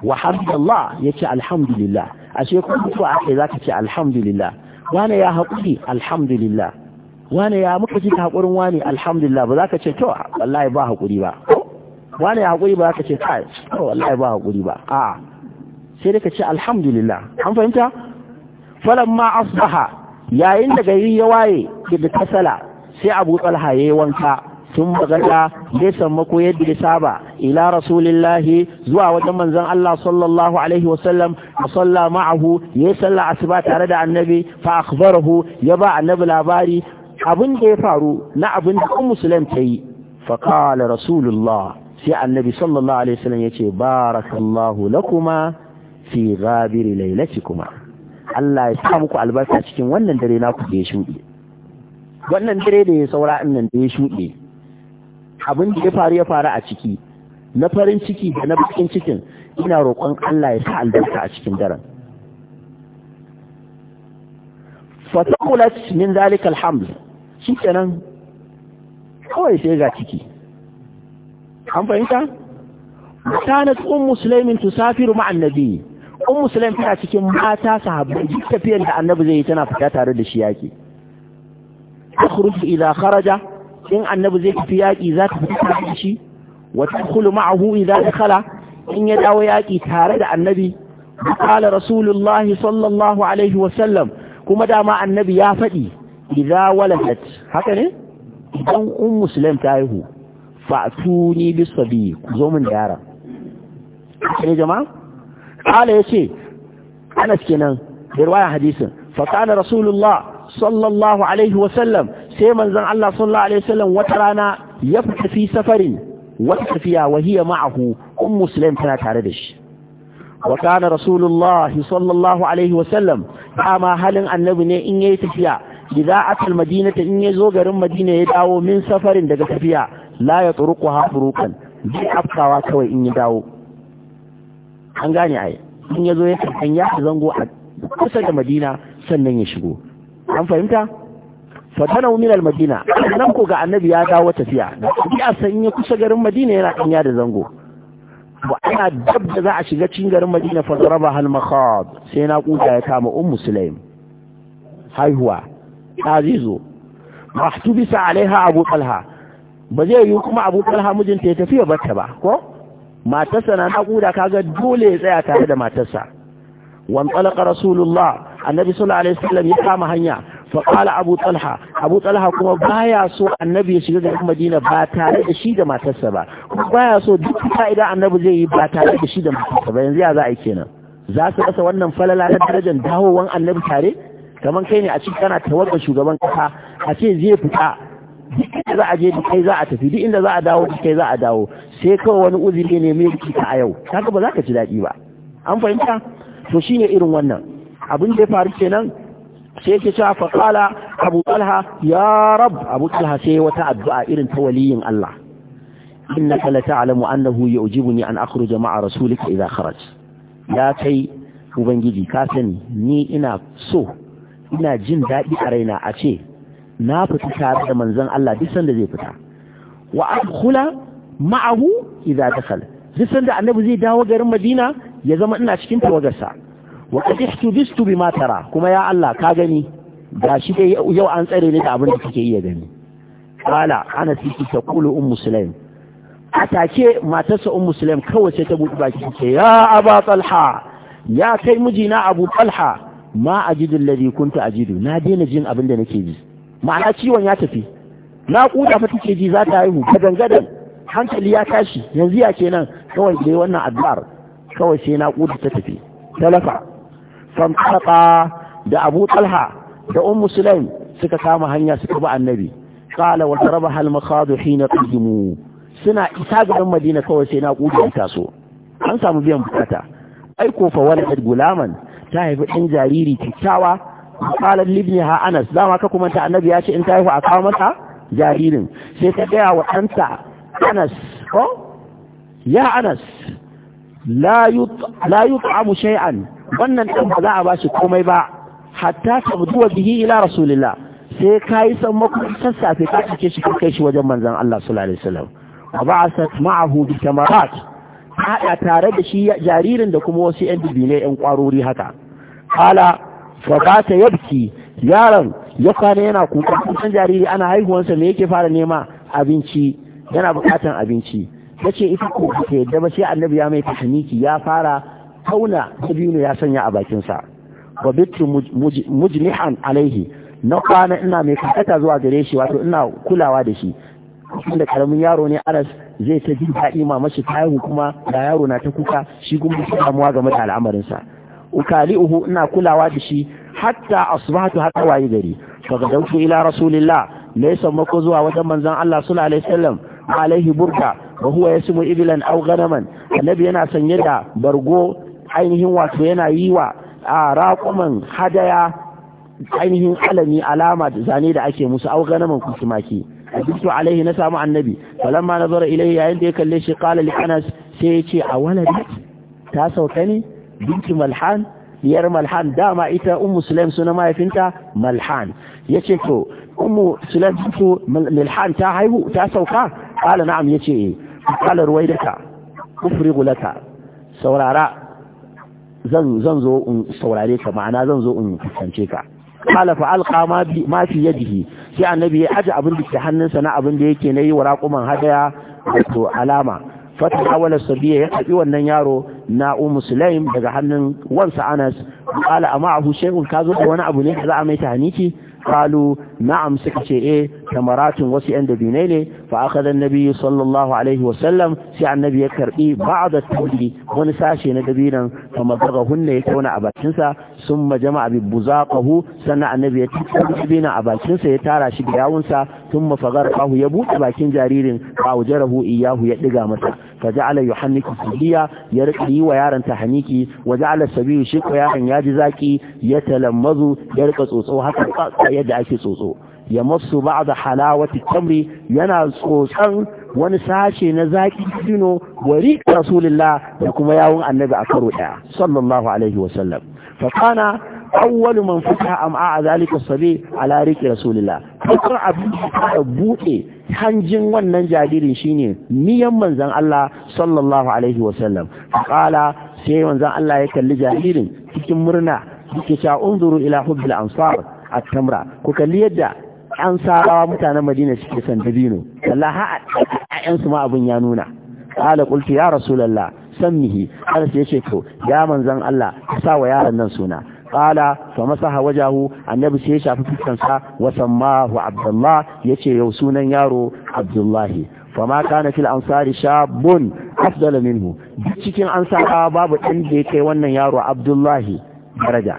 wa hamdallah yace alhamdulillah ashe ku ku akai zaka ce alhamdulillah wani ya haƙuri alhamdulillah wani ya muka ji haƙurin wani alhamdulillah ba zaka ce to wallahi ba haƙuri ba wani ya haƙuri ba zaka ce kai to wallahi ba haƙuri ba a'a sai da ka ce alhamdulillah an fahimta falamma asbaha yayin da gari ya waye da kasala sai abu ya yi wanka tun magana zai samu ko yadda ya saba ila rasulillahi zuwa wajen manzon Allah sallallahu alaihi wasallam a salla ma'ahu ya salla asuba tare da annabi fa akhbarahu ya ba annabi labari abin da ya faru na abin da kan musulun ta yi fa qala rasulullah sai annabi sallallahu alaihi wasallam yace barakallahu lakuma fi gabiri lailaci kuma Allah ya sa muku albarka cikin wannan dare ku da ya shuɗe wannan dare da ya saura nan da ya shuɗe abin da ya faru ya faru a ciki na farin ciki da na bakin cikin ina roƙon Allah ya sa albarka a cikin daren fatakulat min zalikal hamd shikenan kawai sai ga ciki an fahimta kanat ummu sulaimin tusafiru ma'an nabiyyi ummu sulaim tana cikin mata sahabbai duk tafiyar da annabi zai yi tana fita tare da shi yaki takhruju idza kharaja in annabi zai tafi yaki za ta fita tare da shi wa tadkhulu ma'ahu idza dakhala in ya dawo yaki tare da annabi qala rasulullah sallallahu alaihi wa sallam kuma dama annabi ya faɗi idza waladat haka ne idan ummu sulaim ta haihu fa'tuni bisabi ku zo min yara yaran ne jama'a kala ya ce anas kenan da ruwaya hadisin fakana rasulullah sallallahu alaihi wasallam sai manzon Allah sallallahu alaihi wasallam wata rana ya fita fi safarin wata tafiya wa hiya ma'ahu ummu sulaim tana tare da shi wa kana rasulullah sallallahu alaihi wasallam dama halin annabi ne in yayi tafiya gida atal madinata in zo garin madina ya dawo min safarin daga tafiya la ya turuqu bi kawai in ya dawo an gane a yi. ya zo ya kan ya zango a kusa da madina sannan ya shigo an fahimta fatana min al-madina nan ko ga annabi ya dawo tafiya ya san in ya kusa garin madina yana kan ya da zango ba ana dab da za a shiga cikin garin madina fa zaraba hal sai na kuka ya kama ummu sulaim haihuwa ta zai zo mahtubisa alaiha abu talha ba zai yi kuma abu talha mijinta ya tafiya ta ba ko matarsa na naƙuda kaga dole ya tsaya tare da matarsa wan talaka rasulullah annabi sallallahu alaihi wasallam ya kama hanya fa qala abu talha abu talha kuma baya so annabi ya shiga garin madina ba tare da shi da matarsa ba baya so duk fa'ida annabi zai yi ba tare da shi da matarsa ba yanzu ya za a yi kenan za su rasa wannan falala na darajar dawowan annabi tare kamar kai ne a cikin kana tawaga shugaban kasa a ce zai fita za a je da kai za a tafi duk inda za a dawo duk kai za a dawo sai kawai wani uzuri ne mai ka a yau kaga ba za ka ji daɗi ba an fahimta to shine irin wannan abin da ya faru kenan sai yake cewa fa qala abu talha ya rab abu talha sai wata addu'a irin ta waliyin Allah innaka la ta'lamu annahu yu'jibuni an akhruja ma'a rasulika idha kharaj ya kai ubangiji ka sani ni ina so ina jin daɗi a raina a ce na fita tare da manzon Allah duk sanda zai fita wa adkhula ma'ahu idza dakhala duk sanda annabi zai dawo garin Madina ya zama ina cikin tawagarsa wa qad ihtubistu bima tara kuma ya Allah ka gani gashi dai yau an tsare ni da abin da kake iya gani qala ana tiki taqulu ummu sulaim atake matarsa ummu sulaim kawai sai ta buɗe baki ce ya aba talha ya kai mijina abu talha ma ajidu alladhi kunta ajidu na dena jin abin da nake ji ma'ana ciwon ya tafi naƙuda fa take ji za ta haihu gadan gadan hankali ya tashi yanzu ya kenan kawai dai wannan addu'ar kawai sai naƙuda ta tafi talafa fam da Abu Talha da Ummu Sulaim suka kama hanya suka ba annabi qala wa tarabaha al-makhadu hina qadimu suna isa garin Madina kawai sai naƙuda ta taso an samu biyan bukata aiko fa waladat gulaman ta haifi ɗan jariri kyakkyawa qalat libniha anas dama ka kuma ta annabi ya ce in ta yi a kawo mata jaririn sai ta gaya wa ɗanta anas ko ya anas wannan ɗan ba za a bashi komai ba hatta tabduwa bihi ila rasulillah sai kai san maku sassafe ka cike shi kai shi wajen manzon Allah sallallahu alaihi wasallam wa ba'asat ma'ahu bi tamarat hada tare da shi jaririn da kuma wasu yan dubine yan kwarori haka qala fa ya yabki yaron ya kwana yana kuka kusan jariri ana haihuwansa me yake fara nema abinci yana bukatan abinci ce ita ko ta yadda ba sai annabi ya mai tasmiki ya fara tauna dabino ya sanya a bakinsa." sa wa bitu mujnihan alaihi na kwana ina mai kakata zuwa gare shi wato ina kulawa da shi da karamin yaro ne aras zai ta jin daɗi ma mashi ta haihu kuma da yaro na ta kuka shi kuma su damuwa game da al'amarinsa ukali'uhu ina kulawa da shi hatta asbahatu hatta wayi gari faga dauku ila rasulillah ne mako zuwa wajen manzon Allah sallallahu alaihi wasallam alaihi burka, wa huwa yasmu iblan aw ghanaman annabi yana sanye da bargo ainihin wato yana yi wa raquman raƙuman hadaya ainihin alami alama da zane da ake musu aw ghanaman kimaki abitu alaihi na samu annabi falamma nazara ilayhi yayin da ya kalle shi qala li anas sai ya ce a walad ta sauka ne binti malhan diyar malhan dama ita ummu sulaim suna mahaifinta malhan yace to ummu sulaim to malhan ta haihu ta sauka kala na'am yace kala eh. ruwaidaka kufri laka saurara zan zan zo in saurare ka ma'ana zan zo in kance ka Kala fa alqa ma bi ma fi yadihi sai annabi ya aje abin da ke hannunsa na abin da yake nayi wa raquman hadaya to alama fata awala sabiya ya karbi wannan yaro na umu sulaim daga hannun wansa anas qala amma Abu shay'un ka zo da wani abu ne da za a mai haniki. qalu na'am suka ce eh kamaratin wasu yan dabinai ne fa akhadha annabi sallallahu alaihi sallam sai annabi ya karbi ba'd at-tawli wani sashe na dabinan fa madaga hunna ya tauna a bakin sa summa jama'a bi buzaqahu sannan annabi ya tauna dabinan a bakin sa ya tara shi da yawun sa thumma fagarqahu ya buɗe bakin jaririn fa wajarahu iyahu ya diga masa fa ja'ala yuhanniku fiya ya riƙi wa yaron ta haniki wa ja'ala sabiyu shi ko ya ji zaki ya talammazu ya riƙa tsotso haka yadda ake tsotso ya masu ba'da halawati tamri yana tsotsan wani sashe na zaki dino wari rasulullah da kuma yawun annabi a karo daya sallallahu alaihi wasallam fa awwal man fata am'a zalika sabi ala riki rasulullah fakar abin da buɗe hanjin wannan jaririn shine niyan manzon Allah sallallahu alaihi wasallam qala sai manzon Allah ya kalli jaririn cikin murna yake cewa unzuru ila hubbil ansar at-tamra ku kalli yadda an sarawa mutanen madina suke son dabino Allah ha ƴaƴansu ma abin ya nuna qala qultu ya rasulullah sammihi anas yace to ya manzon Allah sa wa yaran nan suna qala fa masaha wajahu annabi sai ya shafi fuskarsa wa sammahu abdullah yace yau sunan yaro abdullahi fama kana fil ansari shabun afdal minhu cikin ansara babu ɗan da ya kai wannan yaro abdullahi daraja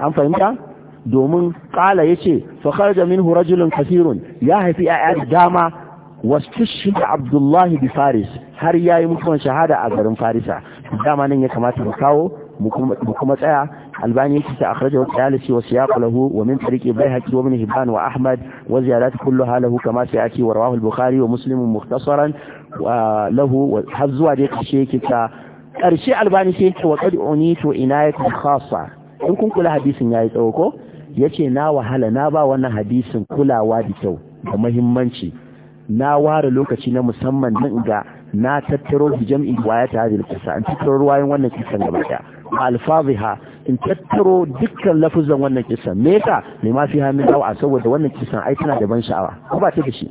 an fahimta domin kala yace fakar kharaja minhu rajulun ya haifi ayat dama wastushhid abdullahi bi faris har yayi mutuwan shahada a garin farisa dama nan ya kamata mu kawo mu kuma tsaya albani yake ta akhraja wa qalisi wa siyaq lahu wa min tariqi bayhaqi wa ibn hibban wa ahmad wa ziyarat kulluha lahu kama sayati wa rawahu al-bukhari wa muslim mukhtasaran wa lahu wa hazwa da kace yake ta karshe albani yake wa qad unitu inayatul khassa in kun kula hadisin yayi tsawo ko yace na wahala na ba wannan hadisin kulawa da kyau da muhimmanci na ware lokaci na musamman din ga na tattaro jam'i ta hadil kusa an tattaro ruwayan wannan kisan gaba daya alfaziha in tattaro dukkan lafuzan wannan kisan me yasa me ma fi hamin dawa saboda wannan kisan ai tana da ban sha'awa ko ba ta dashi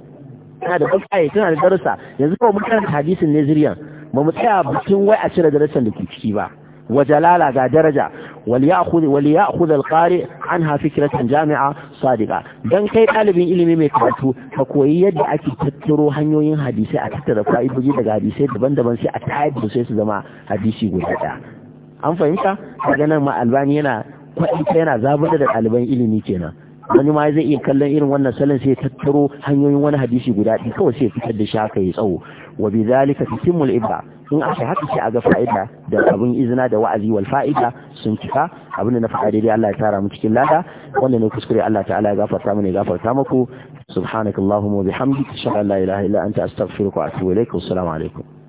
tana da ban sha'awa tana da darasa yanzu ko mun karanta hadisin ne zuriyan ba mu tsaya bikin wai a cire darasan da ke ciki ba وجلالة ذا درجة وليأخذ, وليأخذ القارئ عنها فكرة جامعة صادقة دان كي طالب إلمي ميكاتو فكوي يد أكي تترو ين حديثي أكتر فائد بجيدة حديثي دبان دبان سي أتعاد بسيس دماء حديثي وحدا أم fahimta daga ما ألبانينا albani yana kwaɗi yana zabar da ɗaliban wani ma zai iya kallon irin wannan salon sai tattaro hanyoyin wani hadisi guda ɗin kawai sai fitar da shaka ya tsawo wa bi zalika tutimul ibra in aka haka sai a ga fa'ida da abin izina da wa'azi wal fa'ida sun cika abin da na faɗa daidai Allah ya tara mu cikin lada wanda ne kuskure Allah ta'ala ya gafarta mu ne gafarta muku subhanakallahumma wa bihamdika ashhadu an la ilaha illa anta astaghfiruka wa atubu ilaik assalamu alaikum